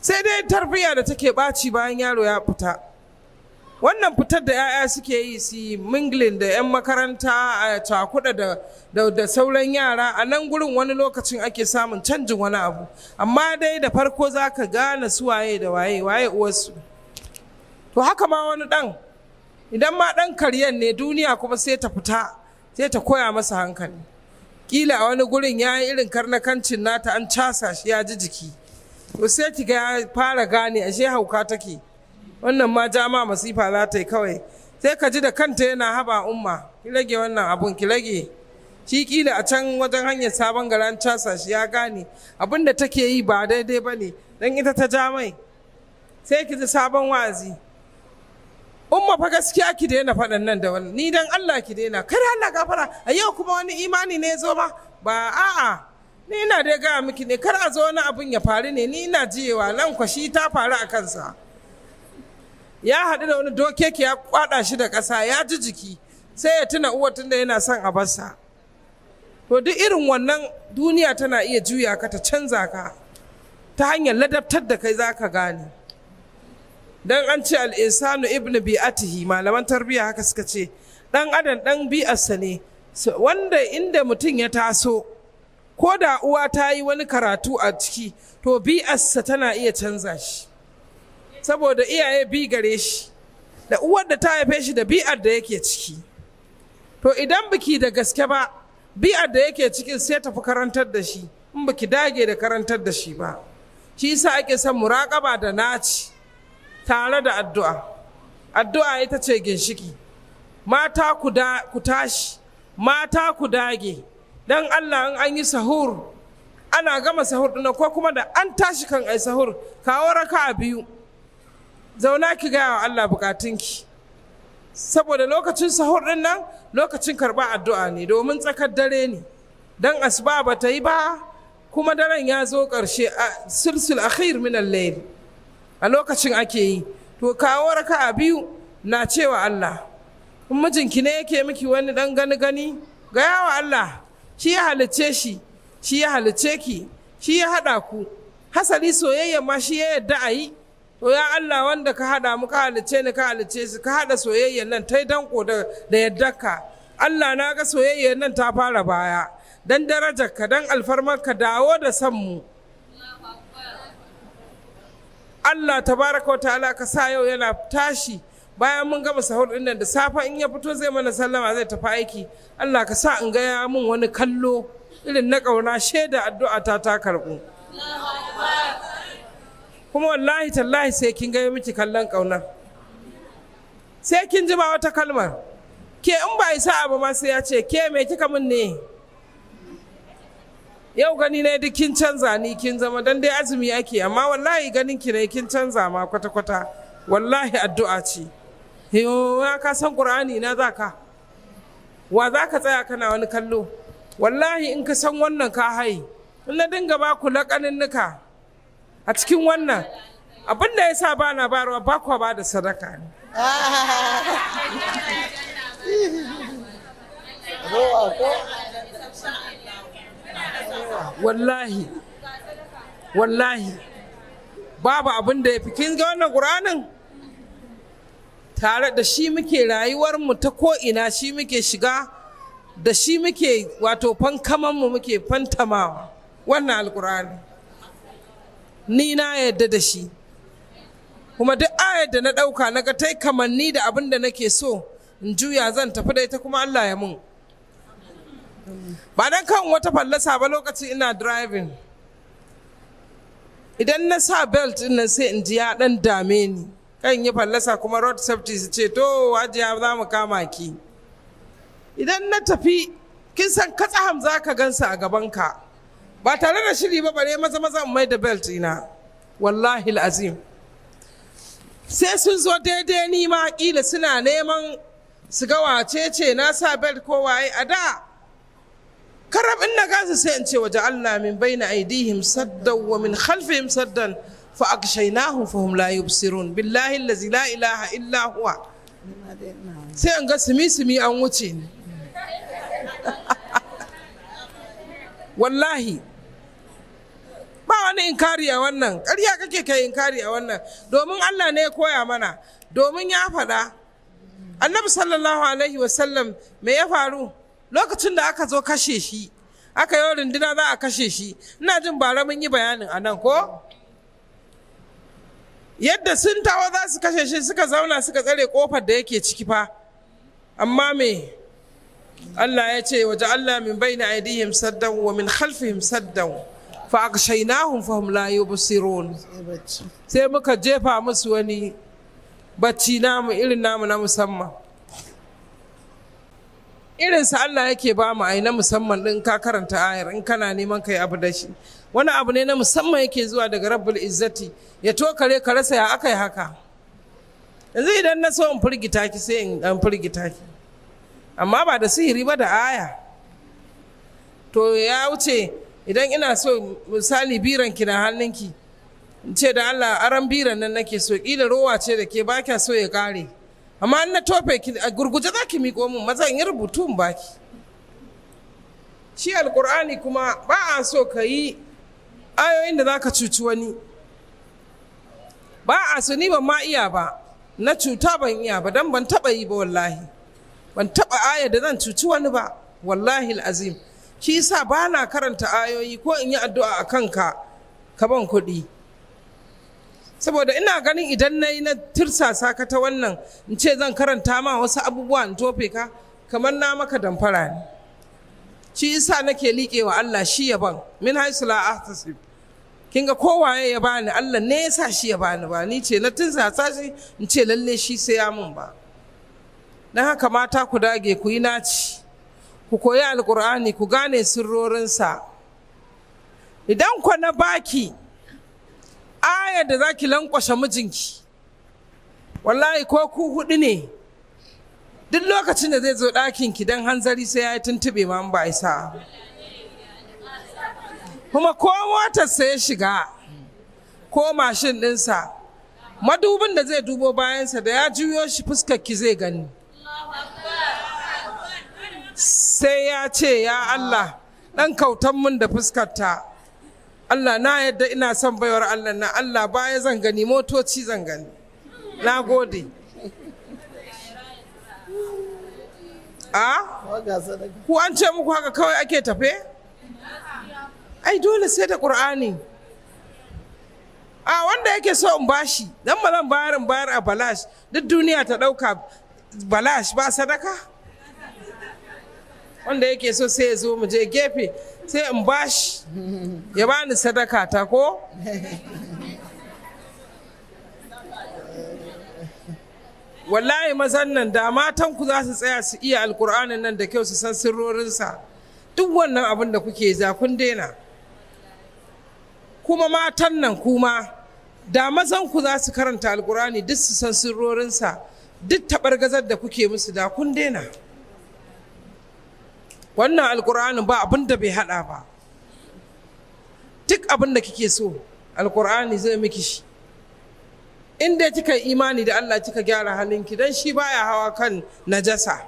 sai dai tarbiyya da take ɓaci bayan yaro ya fita wannan fitar da 'ya'ya suke yi su yi mingilin da 'yan makaranta a takuda da, da, sauran yara a nan gurin wani lokacin ake samun canjin wani abu amma dai da farko za ka gane su waye da waye waye uwarsu to haka ma wani ɗan idan ma ɗan karyan ne duniya kuma sai ta fita sai ta koya masa hankali kila a wani gurin ya yi irin karnakancin nata an casa shi ya ji jiki to sai ki ga ya fara gane ashe hauka take wannan ma jama masifa za ta yi kawai sai ka ji da kanta yana haba umma ki rage wannan abun ki rage shi kila a can wajen hanyar sabon an casa shi ya gane abin da take yi ba daidai ba ne don ita ta ja mai sai ki ji sabon wa'azi umma fa gaskiya ki daina faɗan nan da wannan ni dan Allah ki daina kar Allah gafara a yau kuma wani imani ne zo ba? ba a'a ni ina dai gaya miki ne kar a zo wani abin ya faru ne ni ina jiyewa nan kwashi ta faru a kansa ya haɗu da wani dokeki ya kwaɗa shi da ƙasa ya ji jiki sai ya tuna uwa tunda yana son a barsa to duk irin wannan duniya tana iya juya ka ta canza ka ta hanyar ladabtar da kai za ka gane dan an ce al'isanu ibn bi'atihi malaman tarbiyya haka suka ce dan adam dan bi'arsa ne wanda inda mutum ya taso ko da uwa ta yi wani karatu a ciki to bi'arsa tana iya canza shi saboda iyaye bi gare shi da uwar da ta haife shi da bi'ar da yake ciki to idan biki da gaske ba bi'ar da yake cikin sai tafi karantar da shi in biki dage da karantar da shi ba shi yasa ake son muraƙaba da naci tare da addu'a addu'a ita ce ginshiki mata ku tashi mata ku dage don allah in an yi sahur ana gama sahur ɗin ko kuma da an tashi kan ai sahur kawo raka a biyu zauna ki gaya wa allah bukatunki saboda lokacin sahur ɗin nan lokacin karɓa addu'a ne domin tsakar dare ne don asuba ba ta yi ba kuma daren ya zo ƙarshe a silsul akhir min al a lokacin ake yi to kawo a biyu na cewa Allah in mijinki ne yake miki wani dan gani gani ga yawa Allah shi ya halicce shi shi ya halicce ki shi ya haɗa ku hasali soyayya ma shi ya yadda a yi to ya Allah wanda ka haɗa mu ka halicce ni ka halicce su ka haɗa soyayya nan ta danko da yadda ka Allah na ga soyayya nan ta fara baya dan darajarka dan ka, dawo da san mu Allah tabaraka wa ta'ala ka sa yau yana tashi bayan mun gama sahur din da safa in ya fito zai mana sallama zai tafi aiki Allah ka sa in gaya mun wani kallo irin na ƙauna shaida addu'a ta ta karɓu kuma wallahi tallahi sai kin gaya miki kallon ƙauna sai kin ji ba wata kalmar ke in ba isa abu ma sai ya ce ke me kika min ne yau gani na duk kin canza ni kin zama dan dai azumi ake amma wallahi ganin ki ne kin canza ma kwata kwata wallahi addu'a ce ya ka san qur'ani na zaka wa zaka tsaya kana wani kallo wallahi in ka san wannan ka hai in na dinga ba ku laƙaninnuka a cikin wannan abin da ya sa ba na barwa ba kwa ba da sadaka ne wallahi wallahi babu abin da ya fi kin ga wannan ƙuranin tare da shi muke rayuwar mu ta ko'ina shi muke shiga da shi muke wato fankamanmu muke fantamawa wannan Alqur'ani ni na yadda da shi kuma duk ayar da na ɗauka na ga tai kamanni da abin da nake so in juya zan tafi da ita kuma allah ya mun ba dan kan wata fallasa ba lokaci ina driving idan na sa belt nan sai in ji ya dan dame ni kan yi fallasa kuma road safety su ce to hajiya za mu kama ki idan na tafi kin san katsaham za ka gansa a gabanka ba tare da shiri ba bare maza maza mai da belt ina wallahi azim sai sun zo daidai ni ma kila suna neman su ga wace ce na sa belt ko waye a da karab in na sai in ce waje Allah min baina aidihim saddan wa min khalfihim saddan fa akshaynahum fa hum la yubsirun billahi allazi la ilaha illa huwa sai an ga sumi sumi an wuce ne wallahi ba wani inkari a wannan ƙarya kake kai inkari a wannan domin Allah ne ya koya mana domin ya faɗa annabi sallallahu alaihi wasallam me ya faru lokacin da aka zo kashe shi aka yi runduna za a kashe shi ina jin bara mun yi bayanin anan, ko yadda sun tawo za su kashe shi suka zauna suka tsare kofar da yake ciki fa amma me Allah ya ce waje Allah min bayna aidihim saddan wa min khalfihim saddan fa akshaynahum fa hum la yubsirun sai muka jefa musu wani bacci namu irin namu na musamman irinsa Allah yake ba mu ai na musamman din ka karanta ayar in kana neman kai abu da shi wani abu ne na musamman yake zuwa daga rabbul izzati ya tokare ka rasa ya aka yi haka yanzu idan na so in firgita ki sai in dan firgita ki amma ba da sihiri ba da aya to ya wuce idan ina so misali biran ki na hannunki in ce da Allah aran biran nan nake so kila rowa ce da ke ba so ya kare amma an na tofe ki a gurguje za ki miƙo min maza in yi rubutu ba ki shi alƙur'ani kuma ba a so ka yi ayoyin da za ka cuci wani ba a so ni ban ma iya ba na cuta ban iya ba dan ban taɓa yi ba wallahi ban taɓa aya da zan cuci wani ba wallahi azim shi yasa ba na karanta ayoyi ko in yi addu'a a kanka ka ban kuɗi saboda ina ganin idan na yi na tirsasa ka ta wannan in ce zan karanta ma wasu abubuwa in tofe ka kamar na maka damfara ne shi isa nake liƙe wa Allah shi yaban min haisu ahtasib kin ga kowaye ya bani Allah ne ya sa shi ya bani ba ni ce na tirsasa shi in ce lalle shi sai ya mun ba Na haka mata ku dage ku yi naci ku koyi alkur'ani ku gane sirrorinsa idan ku na baki ayar da za ki lankwashe mijinki wallahi ko ku hudu ne duk lokacin da zai zo ɗakin ki don hanzari sai ya yi tuntuɓe ma ba isa kuma ko motarsa ya shiga ko mashin ɗinsa madubin da zai dubo bayansa da ya juyo shi fuskar ki zai gani sai ya ce ya Allah ɗan kautan mun da fuskarta Allah na yadda ina son baiwar Allah na Allah baya zan gani motoci zan gani na gode a ku an ce muku haka kawai ake tafe ai dole sai da ƙur'ani a wanda yake so in bashi dan ba zan bayar in bayar a balash duk duniya ta ɗauka balash ba sadaka wanda yake so sai ya zo mu je gefe sai in bashi ya bani sadaka ta ko wallahi mazan nan da matan ku za su tsaya su iya alkur'anin nan da kyau su san sirrorinsa duk wannan abin da kuke za kun daina kuma matan nan kuma da mazan ku za su karanta alkur'ani duk su san sirrorinsa duk gazar da kuke musu da kun daina wannan alkur'anin ba abin da bai hada ba duk abin da kike so alkur'ani zai miki shi in dai kika imani da Allah kika gyara halinki dan shi baya hawa kan najasa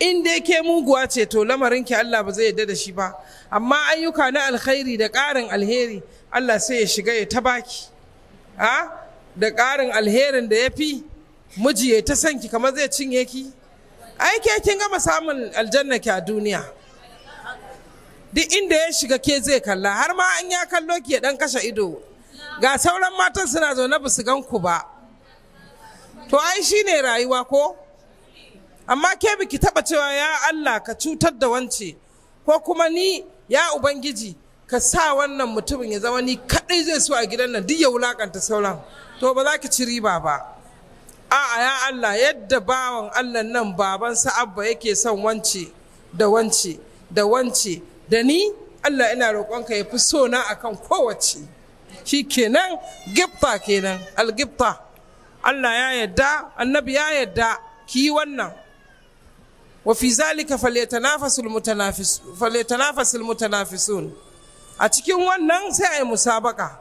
in dai ke muguwa ce to lamarinki Allah ba zai yarda da shi ba amma ayyuka na alkhairi da ƙarin alheri Allah sai ya shiga ya ta baki a ah, da ƙarin alherin da ya fi miji ya ta sanki kamar zai cinye ki ai ke kin gama samun aljanna ki a duniya duk inda ya shiga ke zai kalla har ma an ya kallo ki ya dan kashe ido ga sauran matan suna zo na su gan ku ba to ai shine rayuwa ko amma ke biki taba cewa ya Allah ka cutar da wance ko kuma ni ya ubangiji ka sa wannan mutumin ya zama ni kadai zai so a gidan nan duk ya wulakanta sauran to ba za ki ci riba ba a'a ya Allah yadda bawan Allah nan baban abba yake son wance da wance da wance da ni Allah ina roƙonka ya fi so na akan kowace shi kenan gifta kenan algifta Allah ya yadda annabi ya yadda ki wannan wa fi zalika falyatanafasul mutanafisun a cikin wannan sai a yi musabaka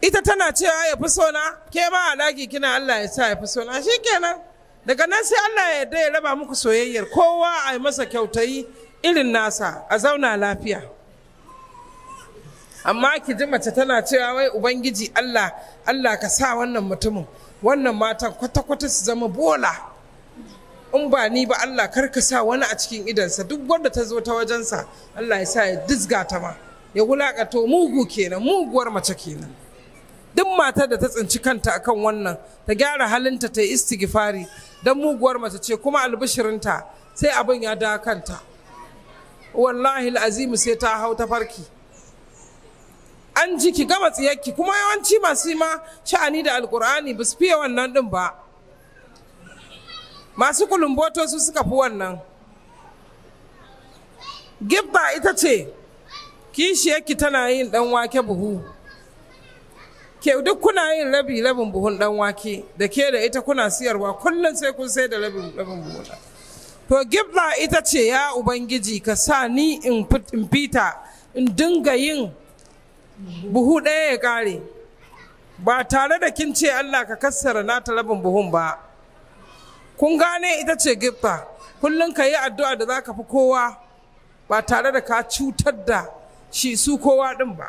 ita tana cewa ya fi sona ke ma alaƙi kina Allah ya sa ya fi sona shi kenan daga nan sai Allah ya yarda ya raba muku soyayyar kowa a yi masa kyautayi irin nasa a zauna lafiya amma ki ji mace tana cewa wai ubangiji Allah Allah ka sa wannan mutumin wannan matan kwata-kwata su zama bola in ba ni ba Allah kar ka sa wani a cikin idansa duk wanda ta zo ta wajensa Allah ya sa ya dizga ta ma ya wulaƙa to mugu kenan muguwar mace kenan duk matar da ta tsinci kanta akan wannan ta gyara halinta ta yi istighfari don muguwar mace ce kuma albishirinta sai abin ya da kanta wallahi azimu sai ta hau ta farki an ji ki gama tsiyarki kuma yawanci masu ma sha'ani da alkur'ani ba su fiye wannan din ba masu kulumboto su suka fi wannan gibba ita ce kishiyarki tana yin dan wake buhu ke duk kuna yin rabi rabin buhun dan wake da ke da ita kuna siyarwa kullum sai kun sai da rabin rabin buhun to gibla ita ce ya ubangiji ka sa ni in fita in dinga yin buhu ɗaya ya ƙare ba tare da kin ce Allah ka kassara na rabin buhun ba kun gane ita ce gibla kullum ka yi addu'a da za ka fi kowa ba tare da ka cutar da shi su kowa ɗin ba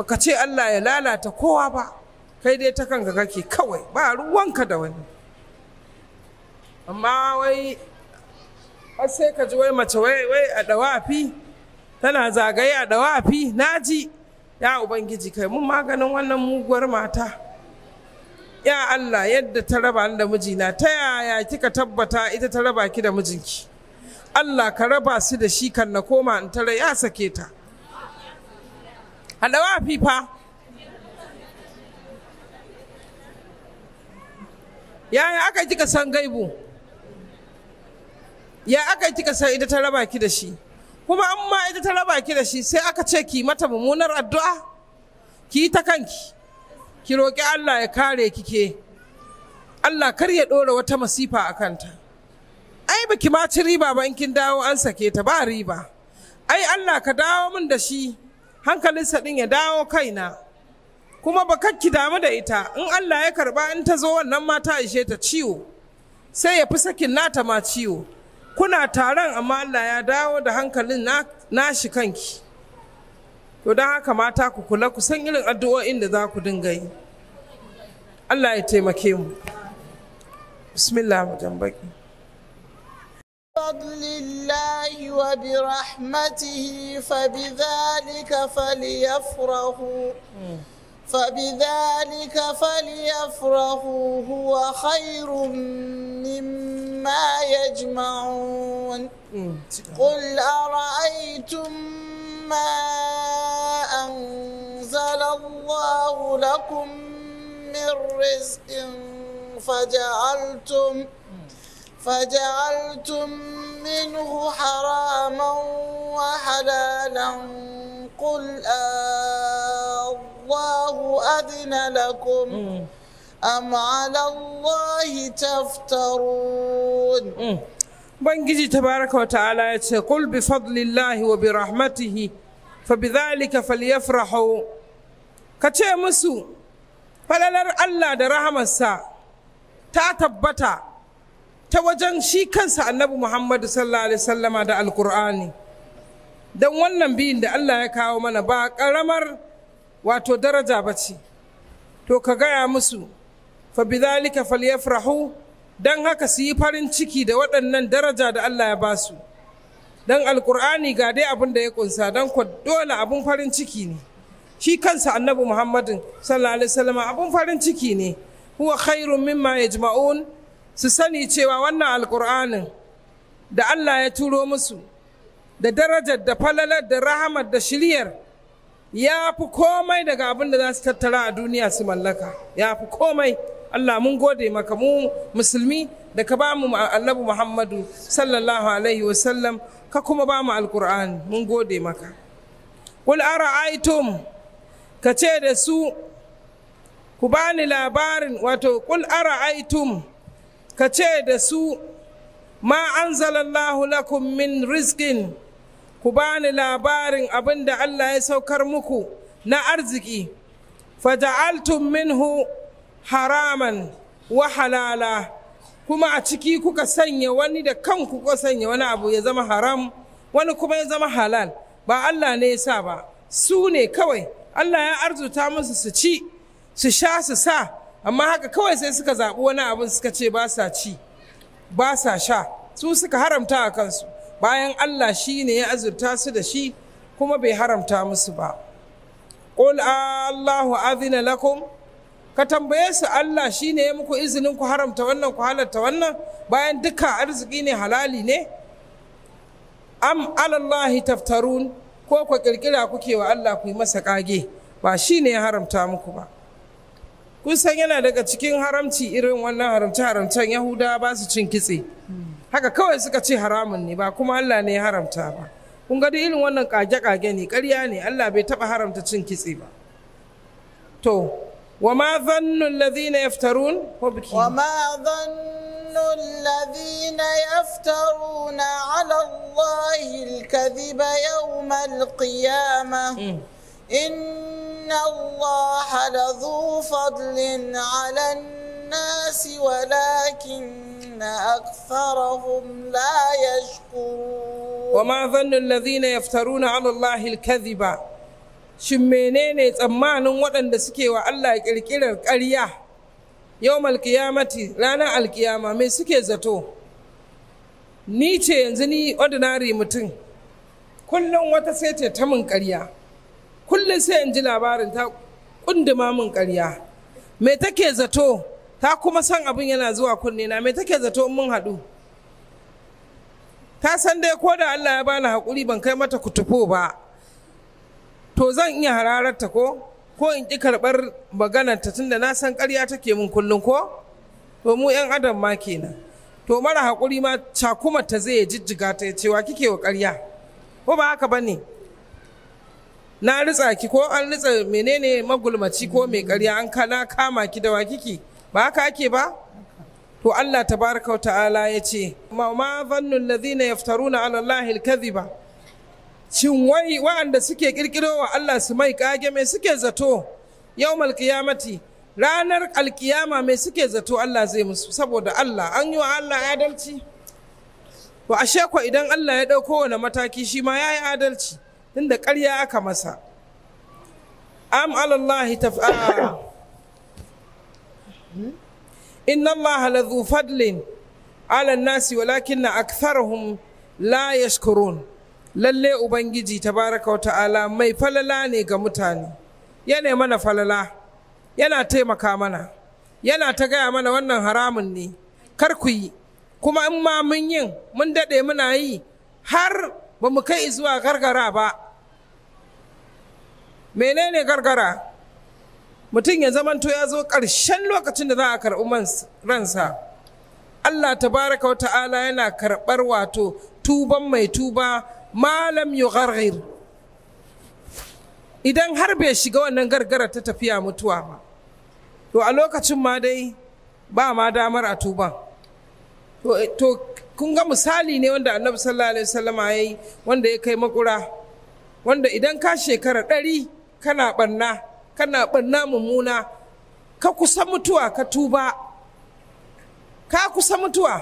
baka ce Allah ya lalata kowa ba kai dai ta kanka kake kawai ba ruwanka da wani amma wai sai ka ji wai mace wai a dawafi tana zagaye a dawafi naji ya ubangiji kai mun maganin wannan muguwar mata ya Allah yadda ta raba ni da mijina ta yaya kika tabbata ita ta raba ki da mijinki Allah ka raba su da shi kan na koma in tare ya sake ta Hello, ya ya aka kika san gaibu? Ya aka kika san ita ta raba ki da shi? Kuma an ma ita ta raba ki da shi sai aka ce ki mata mummunar addu'a? Ki ta kanki, ki roƙi Allah ya kare ki ke. Allah kar ya ɗora wata masifa a kanta. Ai baki ma ci riba ba in kin dawo an sake ta ba riba. Ai Allah ka dawo min da shi. hankalinsa ɗin ya dawo kaina kuma ba kakki damu da ita in Allah ya karba in ta zo wannan mata ishe ta ciwo sai ya fi sakin nata ma ciwo kuna taron amma Allah ya dawo da hankalin nashi kanki to don haka mata ku kula ku san irin addu'o'in da za ku dinga yi Allah ya taimake mu bismillah mu بفضل الله وبرحمته فبذلك فليفرحوا فبذلك فليفرحوا هو خير مما يجمعون قل أرأيتم ما أنزل الله لكم من رزق فجعلتم فجعلتم منه حراما وحلالا قل الله أذن لكم أم على الله تفترون بنجي تبارك وتعالى قل بفضل الله وبرحمته فبذلك فليفرحوا كتير مسو falalar Allah da rahamarsa ta tabbata ta wajen shi kansa annabi muhammadu sallallahu alaihi sallama da alkur'ani don wannan biyun da allah ya kawo mana ba ƙaramar wato daraja ba ce to ka gaya musu fa bidhalika falyafrahu don haka su yi farin ciki da waɗannan daraja da allah ya ba su don alkur'ani ga dai abin da ya kunsa don ko dole abin farin ciki ne shi kansa annabi muhammadin sallallahu alaihi sallama abin farin ciki ne huwa khairun mimma yajma'un su sani cewa wannan alƙur'anin da Allah ya turo musu da darajar da falalar da rahamar da shiryar ya fi komai daga abin da za su tattara a duniya su mallaka ya fi komai Allah mun gode maka mu musulmi da ka ba mu annabi Muhammadu sallallahu alaihi wasallam ka kuma ba mu alkur'ani mun gode maka qul ara'aytum ka ce da su ku bani labarin wato ara ara'aytum ka ce da su ma anzalallahu lakum min rizkin ku bani labarin abin da Allah ya saukar muku na arziki faja'altum minhu haraman wa halala kuma a ciki kuka sanya wani da kanku kuka sanya wani abu ya zama haram wani kuma ya zama halal ba Allah ne ya sa ba su ne kawai Allah ya arzuta musu su ci su sha su sa amma haka kawai sai suka zaɓi wani abin suka ce ba sa ci ba sa sha su suka haramta a kansu bayan Allah shi ne ya azurta su da shi kuma bai haramta musu ba ƙul Allahu azina lakum ka tambaye su Allah shi ne ya muku izinin ku haramta wannan ku halatta wannan bayan duka arziki ne halali ne am alallahi taftarun ko ku kirkira kuke wa Allah ku yi masa kage ba shi ne ya haramta muku ba kusan yana daga cikin haramci irin wannan haramce-haramcen yahudawa ba su cin kitse haka kawai suka ce haramun ne ba kuma allah ne ya haramta ba kun ga duk irin wannan kage-kage ne karya ne allah bai taɓa haramta cin kitse ba to wa ma zannun lazi na yaftarun wa ma yaftaruna ala allahi alkadhiba yawm إن الله لذو فضل على الناس ولكن أكثرهم لا يشكرون وما ظن الذين يفترون على الله الكذب shin menene tsammanin waɗanda suke wa Allah ƙirƙirar ƙarya yau malkiyamati ranar alkiyama mai suke zato ni ce yanzu ni ordinary mutum kullum wata sai ta mun ƙarya kullum sai in ji labarin ta kunduma min karya me take zato ta kuma san abin yana zuwa kunne na me take zato in mun haɗu ta san dai ko da Allah ya bani haƙuri ban kai mata kutufo ba to zan iya harararta ko ko in ƙi karɓar maganarta tunda na san karya take min kullum ko to mu 'yan adam ma kenan to mara haƙuri ma cakuma ta zai jijjiga ta ya cewa kike wa ƙarya ko ba haka ba ne na ritsa ki ko an ritsa menene magulmaci ko mai karya an kana kama ki da wakiki ba haka ake ba to Allah tabaraka ta'ala ya ce ma ma zannu allazina yaftaruna ala Allahi alkadhiba shin wai wa'anda suke kirkiro wa Allah su mai kage me suke zato yawmal qiyamati ranar alkiyama me suke zato Allah zai musu saboda Allah an yi wa Allah adalci to ashe ko idan Allah ya dauko wani mataki shi ma yayi adalci tunda ƙarya aka masa am alallahi taf'a inna allaha ladhu fadlin ala nasi walakinna aktharuhum la yashkurun lalle ubangiji tabaraka ta'ala mai falala ne ga mutane yana mana falala yana taimaka mana yana ta gaya mana wannan haramun ne kar ku yi kuma in ma mun yin mun daɗe muna yi har ba mu kai zuwa gargara ba menene gargara mutum ya zamanto ya zo ƙarshen lokacin da za a karɓi ransa allah Ta baraka wa ta'ala yana karɓar wato tuban mai tuba malam yu idan har bai shiga wannan gargara ta tafiya mutuwa ba to a lokacin ma dai ba ma damar a tuban to kun ga misali ne wanda annabi sallallahu alaihi wasallam ya yi wanda ya kai makura wanda idan ka shekara ɗari kana ɓanna kana ɓanna mummuna ka kusa mutuwa ka tuba ka kusa mutuwa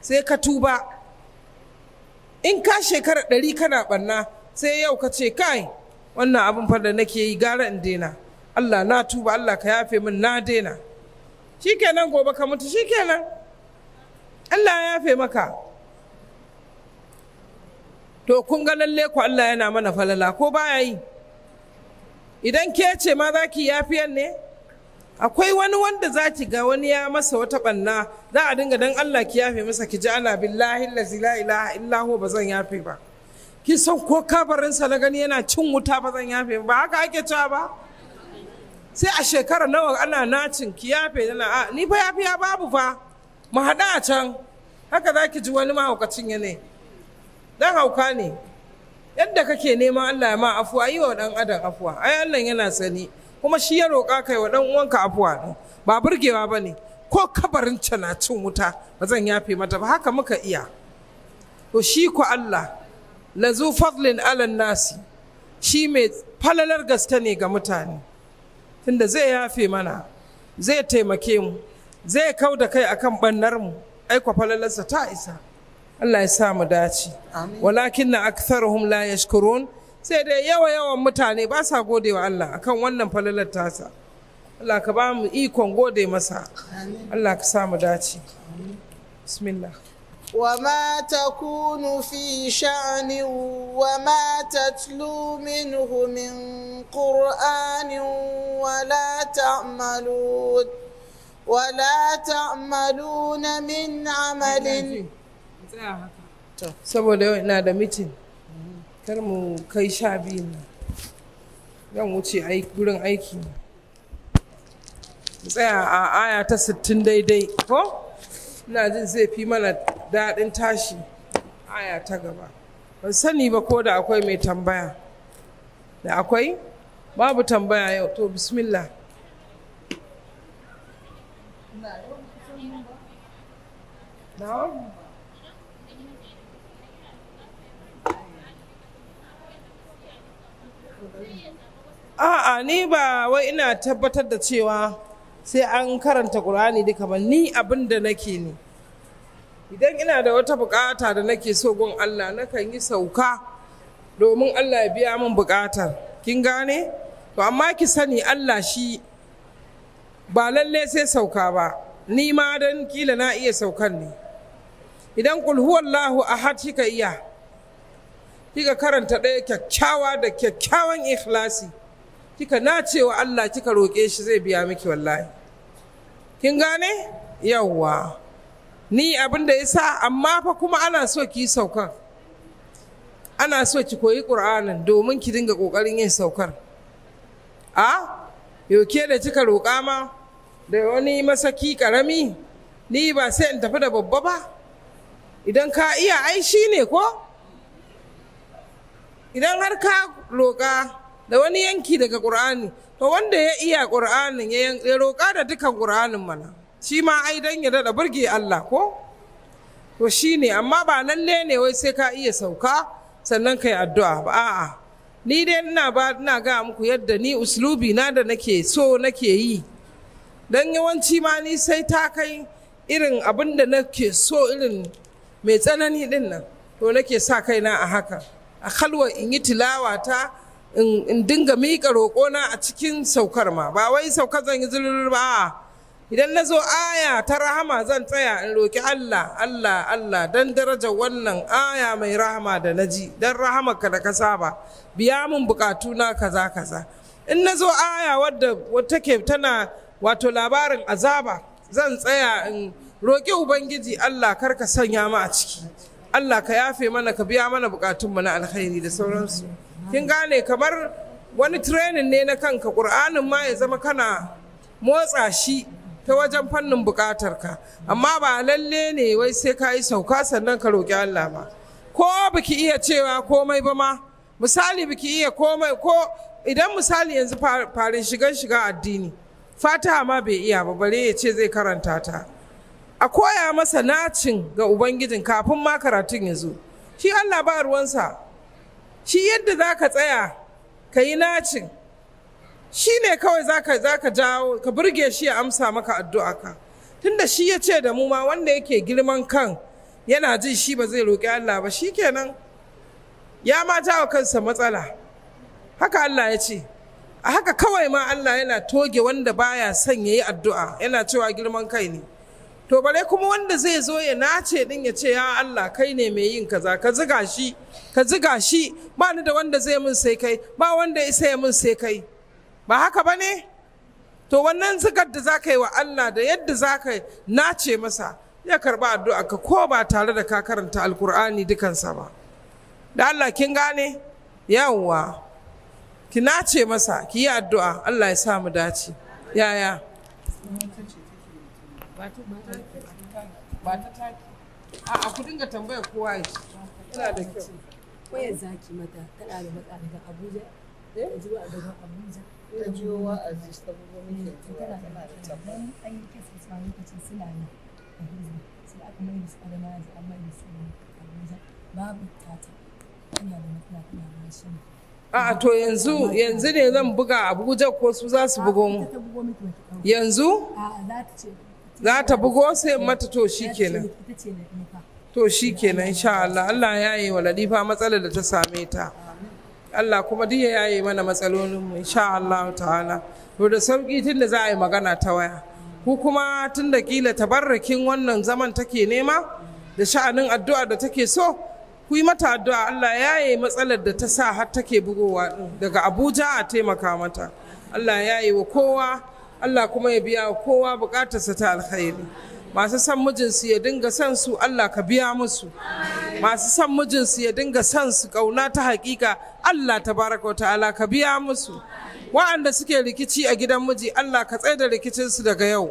sai ka tuba in ka shekara ɗari kana ɓanna sai yau ka ce kai wannan abin fa da nake yi gara in daina Allah na tuba Allah ka yafe min na daina shikenan gobe ka mutu shikenan Allah ya yafe maka to kun ga lalle ku Allah yana mana falala ko baya yi idan ke ce ma za ki yafiyan ne akwai wani wanda za ki ga wani ya masa wata banna za a dinga dan Allah ki yafe masa ki ji ana billahi la ilaha illa ba zan yafe ba ki san ko kabarinsa na gani yana cin wuta ba zan yafe ba haka ake cewa ba sai a shekara nawa ana nacin ki yafe ni fa yafiya babu fa mu haɗu a can haka za ki ji wani mahaukacin ya ne don hauka ne yadda kake neman Allah ya ma afuwa yi wa ɗan adam afuwa ai Allah yana sani kuma shi ya roƙa kai wa dan uwanka afuwa ba burgewa ba ne ko kabarin ta na cin wuta ba zan yafe mata ba haka muka iya to shi ku Allah zu fadlin alan nasi shi mai falalar gaske ne ga mutane tunda zai yafe mana zai taimake mu zai kau da kai akan bannar mu ai kwafalalarsa ta isa Allah ya sa mu dace walakin na aktharuhum la yashkurun sai dai yawa yawan mutane ba sa gode wa Allah akan wannan falalar tasa Allah ka ba mu ikon gode masa Allah ka sa mu dace bismillah وما تكون في شأن وما تتلو منه من قرآن ولا تعملون ولا تعملون من عمل saboda yau ina da mitin kar mu kai sha biyu ne zan wuce gurin aiki mu tsaya a aya ta sittin daidai ko ina jin zai fi mana daɗin tashi aya ta gaba ban sani ba ko da akwai mai tambaya da akwai babu tambaya yau to bismillah No. A'a ni ba wai ina tabbatar da cewa sai an karanta Ƙur'ani duka ba ni abin da nake ne. Idan ina da wata bukata da nake so gun Allah nakan yi sauka domin Allah ya biya min bukatar. Kin gane? To amma ki sani Allah shi ba lalle sai sauka ba, ni ma don kila na iya saukan ne. idan kul huwallahu ahad kika iya kika karanta ɗaya kyakkyawa da kyakkyawan ikhlasi kika nace wa Allah kika roƙe shi zai biya miki wallahi kin gane yawwa ni abin da yasa amma fa kuma ana so ki yi saukan ana so ki koyi ƙur'anin domin ki dinga ƙoƙarin yin saukar a Yauke da kika roƙa ma da wani masaki ƙarami ni ba sai in tafi da babba ba idan ka iya ai shi ne ko idan har ka roƙa da wani yanki daga ƙur'ani to wanda ya iya ƙur'anin ya roƙa da dukan ƙur'anin mana shi ma ai dan ya daɗa burge Allah ko to shi ne amma ba lalle ne wai sai ka iya sauka sannan ka yi addu'a ba a'a ni dai ina ba ina ga muku yadda ni uslubi na da nake so nake yi dan yawanci ma ni sai ta kai irin abin da nake so irin mai tsanani din nan to nake sa kaina a haka a halwa in yi tilawa ta in dinga miƙa roƙona a cikin saukar ma ba wai saukar zan yi zulul ba idan na zo aya ta rahama zan tsaya in roƙi Allah Allah Allah dan darajar wannan aya mai rahama da na ji don rahamarka da ka saba biya mun buƙatu na kaza kaza in na zo aya wadda take tana wato labarin azaba zan tsaya in roƙi ubangiji Allah kar ka sanya mu a ciki Allah ka yafe mana ka biya mana buƙatunmu na alkhairi da sauransu kin gane kamar wani training ne na kanka ƙur'anin ma ya zama kana motsa shi ta wajen fannin bukatarka amma ba lalle ne wai sai ka yi sauka sannan ka roƙi Allah ba ko biki iya cewa komai ba ma misali biki iya komai ko idan misali yanzu farin shigan shiga addini Fata ma bai iya ba bare ya ce zai karanta ta a koya masa nacin ga ubangijin kafin ma karatun ya zo shi allah ba ruwansa shi yadda za ka tsaya ka yi nacin shi ne kawai za ka jawo ka burge shi ya amsa maka addu'a ka tunda shi ya ce da mu ma wanda yake girman kan yana jin shi ba zai roƙi allah ba shi kenan ya ma jawo kansa matsala haka allah ya ce a haka kawai ma allah yana toge wanda baya son ya yi addu'a yana cewa girman kai ne to bare kuma wanda zai zo ya nace din ya ce ya Allah kai ne mai yin kaza ka ziga shi ka ziga shi ba ni da wanda zai min sai kai ba wanda isa ya mun sai kai ba haka ba ne to wannan zigar da zaka yi wa Allah da yadda zaka ka nace masa ya karba addu'a ka ko ba tare da ka karanta alkur'ani dukansa ba da Allah kin gane yawwa ki nace masa ki yi addu'a Allah ya sa mu dace yaya ba eh? to yanzu yanzu ne zan buga Abuja ko su za su bugo mu. Yanzu? A'a za ta za ta bugo sai mata to kenan. to kenan insha Allah Allah ya yi wa ladifa matsalar da ta same ta Allah kuma duk ya yi mana matsalolin mu insha Allah ta'ala to da sauki tun da za a yi magana ta waya ku kuma tun da kila tabarrakin wannan zaman take nema da sha'anin addu'a da take so ku yi mata addu'a Allah ya yaye matsalar da ta sa har take bugowa daga Abuja a taimaka mata Allah ya yi wa kowa Allah kuma ya biya kowa bukatarsa ta alkhairi masu son mijinsu ya dinga son su Allah ka biya musu masu son mijinsu ya dinga son su kauna ta hakika Allah ta baraka wa ta'ala ka biya musu wa'anda suke rikici a gidan miji Allah ka da rikicinsu daga yau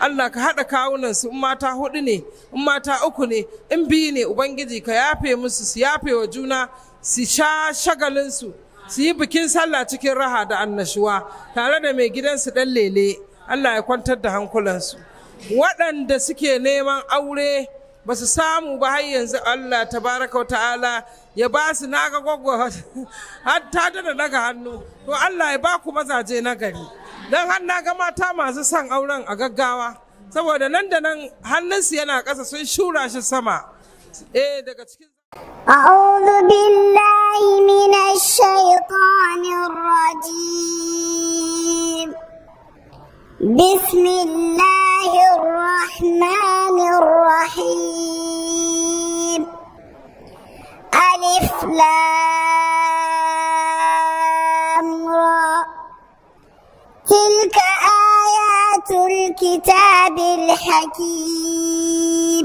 Allah ka haɗa kawunansu in mata hudu ne in mata uku ne in biyu ne ubangiji ka yafe musu su yafe wa juna su sha shagalinsu su yi bikin sallah cikin raha da annashuwa tare da mai gidansu ɗan lele Allah ya kwantar da hankulansu waɗanda suke neman aure ba su samu ba har yanzu Allah tabaraka wa ta'ala ya ba su naga ga har ta da daga hannu to Allah ya ba ku mazaje na gari don har ga mata masu son auren a gaggawa saboda nan da nan hannunsu yana ƙasa sun shura shi sama eh daga cikin أعوذ بالله من الشيطان الرجيم بسم الله الرحمن الرحيم ألف لام را تلك آيات الكتاب الحكيم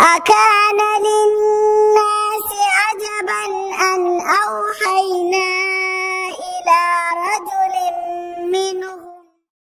أكان للناس عجبا أن أوحينا إلى رجل منهم